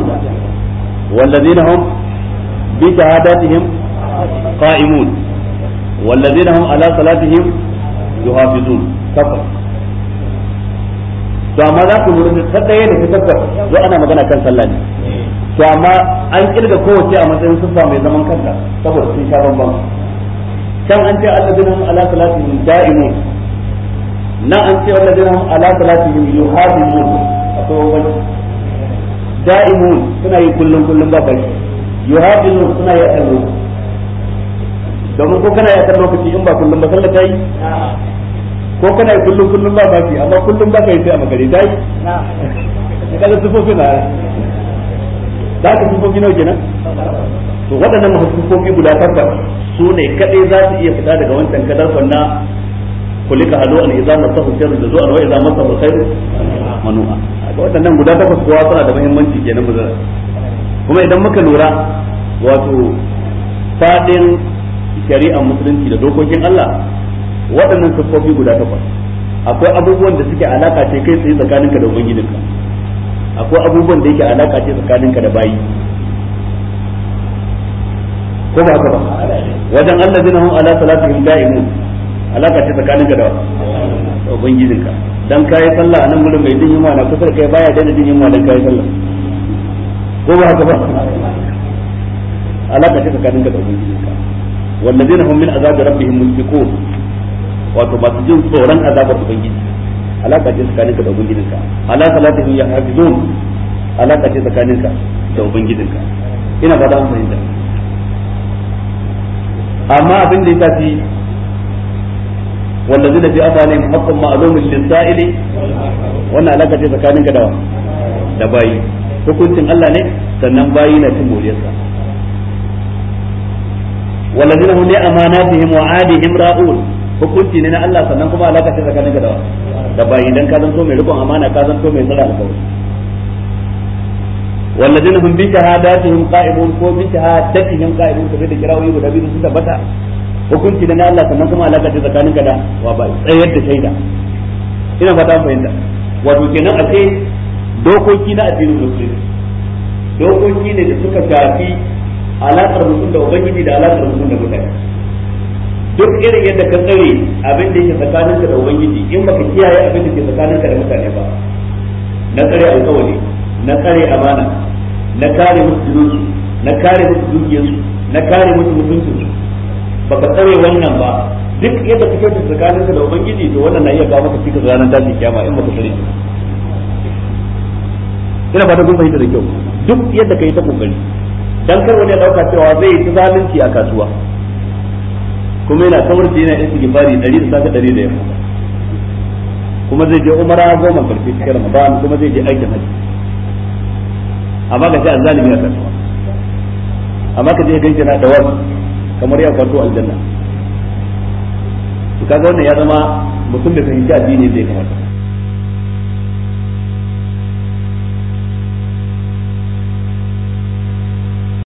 S1: والذين هم بشهاداتهم قائمون والذين هم على صلاتهم يحافظون كفر to amma za ku lura ta ɗaya da ta zo ana magana kan sallah ne to amma an kirga kowace a matsayin siffa mai zaman kanta saboda sun sha bambam san an ce alladina hum ala salatihim da'imun nan an ce alladina hum ala salatihim yuhadimun akwai wani da'imun suna yi kullum kullum ba bai yuhadimun suna yi a domin ko kana yi a lokaci in ba kullum ba sallah ta ko kana yi kullum kullum ba baki amma kullum ba ka yi sai a magare ta
S3: yi
S1: su sufofin na za ka sifofi nawa kenan to waɗannan hukumomi guda takwas su ne kaɗai za su iya fita daga wancan kadar na kulika halu an idza masahu sharru zuwa wa idza masahu khairu manu'a waɗannan guda takwas kowa suna da muhimmanci kenan mu kuma idan muka lura wato fadin shari'ar musulunci da dokokin Allah waɗannan siffofi guda takwas akwai abubuwan da suke alaka ce kai tsaye tsakaninka da ubangijinka akwai abubuwan da yake alaka ce ka da bayi ko ba ka ba wajen allah allazina hun ala hin da'imu alaka ce ka da ubangijinka dan kai sallah anan gurin mai din yunwa na kusa kai baya daina din yunwa dan kai sallah ko
S3: ba ka ba
S1: alaka ce ka da ubangijinka wallazina hum min azabi rabbihim mushfiqun wato masu jin tsoron azabar ubangiji alaka ce tsakaninka da ubangijinka ala ya yahafizun alaka ce tsakaninka da ubangijinka ina ba da an fahimta amma abin da ya tafi والذين في ma حق معلوم للسائل wannan alaka ce tsakaninka ka da bayi hukuncin Allah ne sannan bayi na cin moriyarsa والذين هم لأماناتهم وعادهم راؤون hukunci ne na Allah sannan kuma alaka ce tsakanin ka da da bayi dan ka zanto mai rikon amana ka zanto mai tsara alƙawari walladina hum bi shahadatihim qa'imun ko bi shahadatihim qa'imun kabe da kira kirawoyi guda biyu sun tabbata hukunci ne na Allah sannan kuma alaka ce tsakanin ka da wa bayi tsayar da shaida ina fata fahimta wato kenan a ce dokoki na addinin musulmi dokoki ne da suka shafi alaƙar mutum da ubangiji da alaƙar mutum da mutane duk irin yadda ka tsare abin da yake tsakaninka da ubangiji in baka kiyaye abin da ke tsakaninka da mutane ba na tsare alkawari na tsare amana na kare musu jininsu na kare musu dukiyarsu na kare musu mutuncinsu baka tsare wannan ba duk yadda ka kyautar tsakaninka da ubangiji to wannan na iya ba maka cikin ranar tashin kiyama in baka tsare ina fata kun fahimta da kyau duk yadda ka yi ta kokari dan kar wani ya dauka cewa zai yi ta zalunci a kasuwa kuma yana kamar shi yana istighfari ɗari da saka ɗari da yamma kuma zai je umara goma karfi cikin ramadan kuma zai je aikin hajji amma ka ce azzalimi a kasuwa amma ka je ganki na dawar kamar ya kwanto aljanna to kaga wannan ya zama
S3: mutum da fahimci addini zai kamata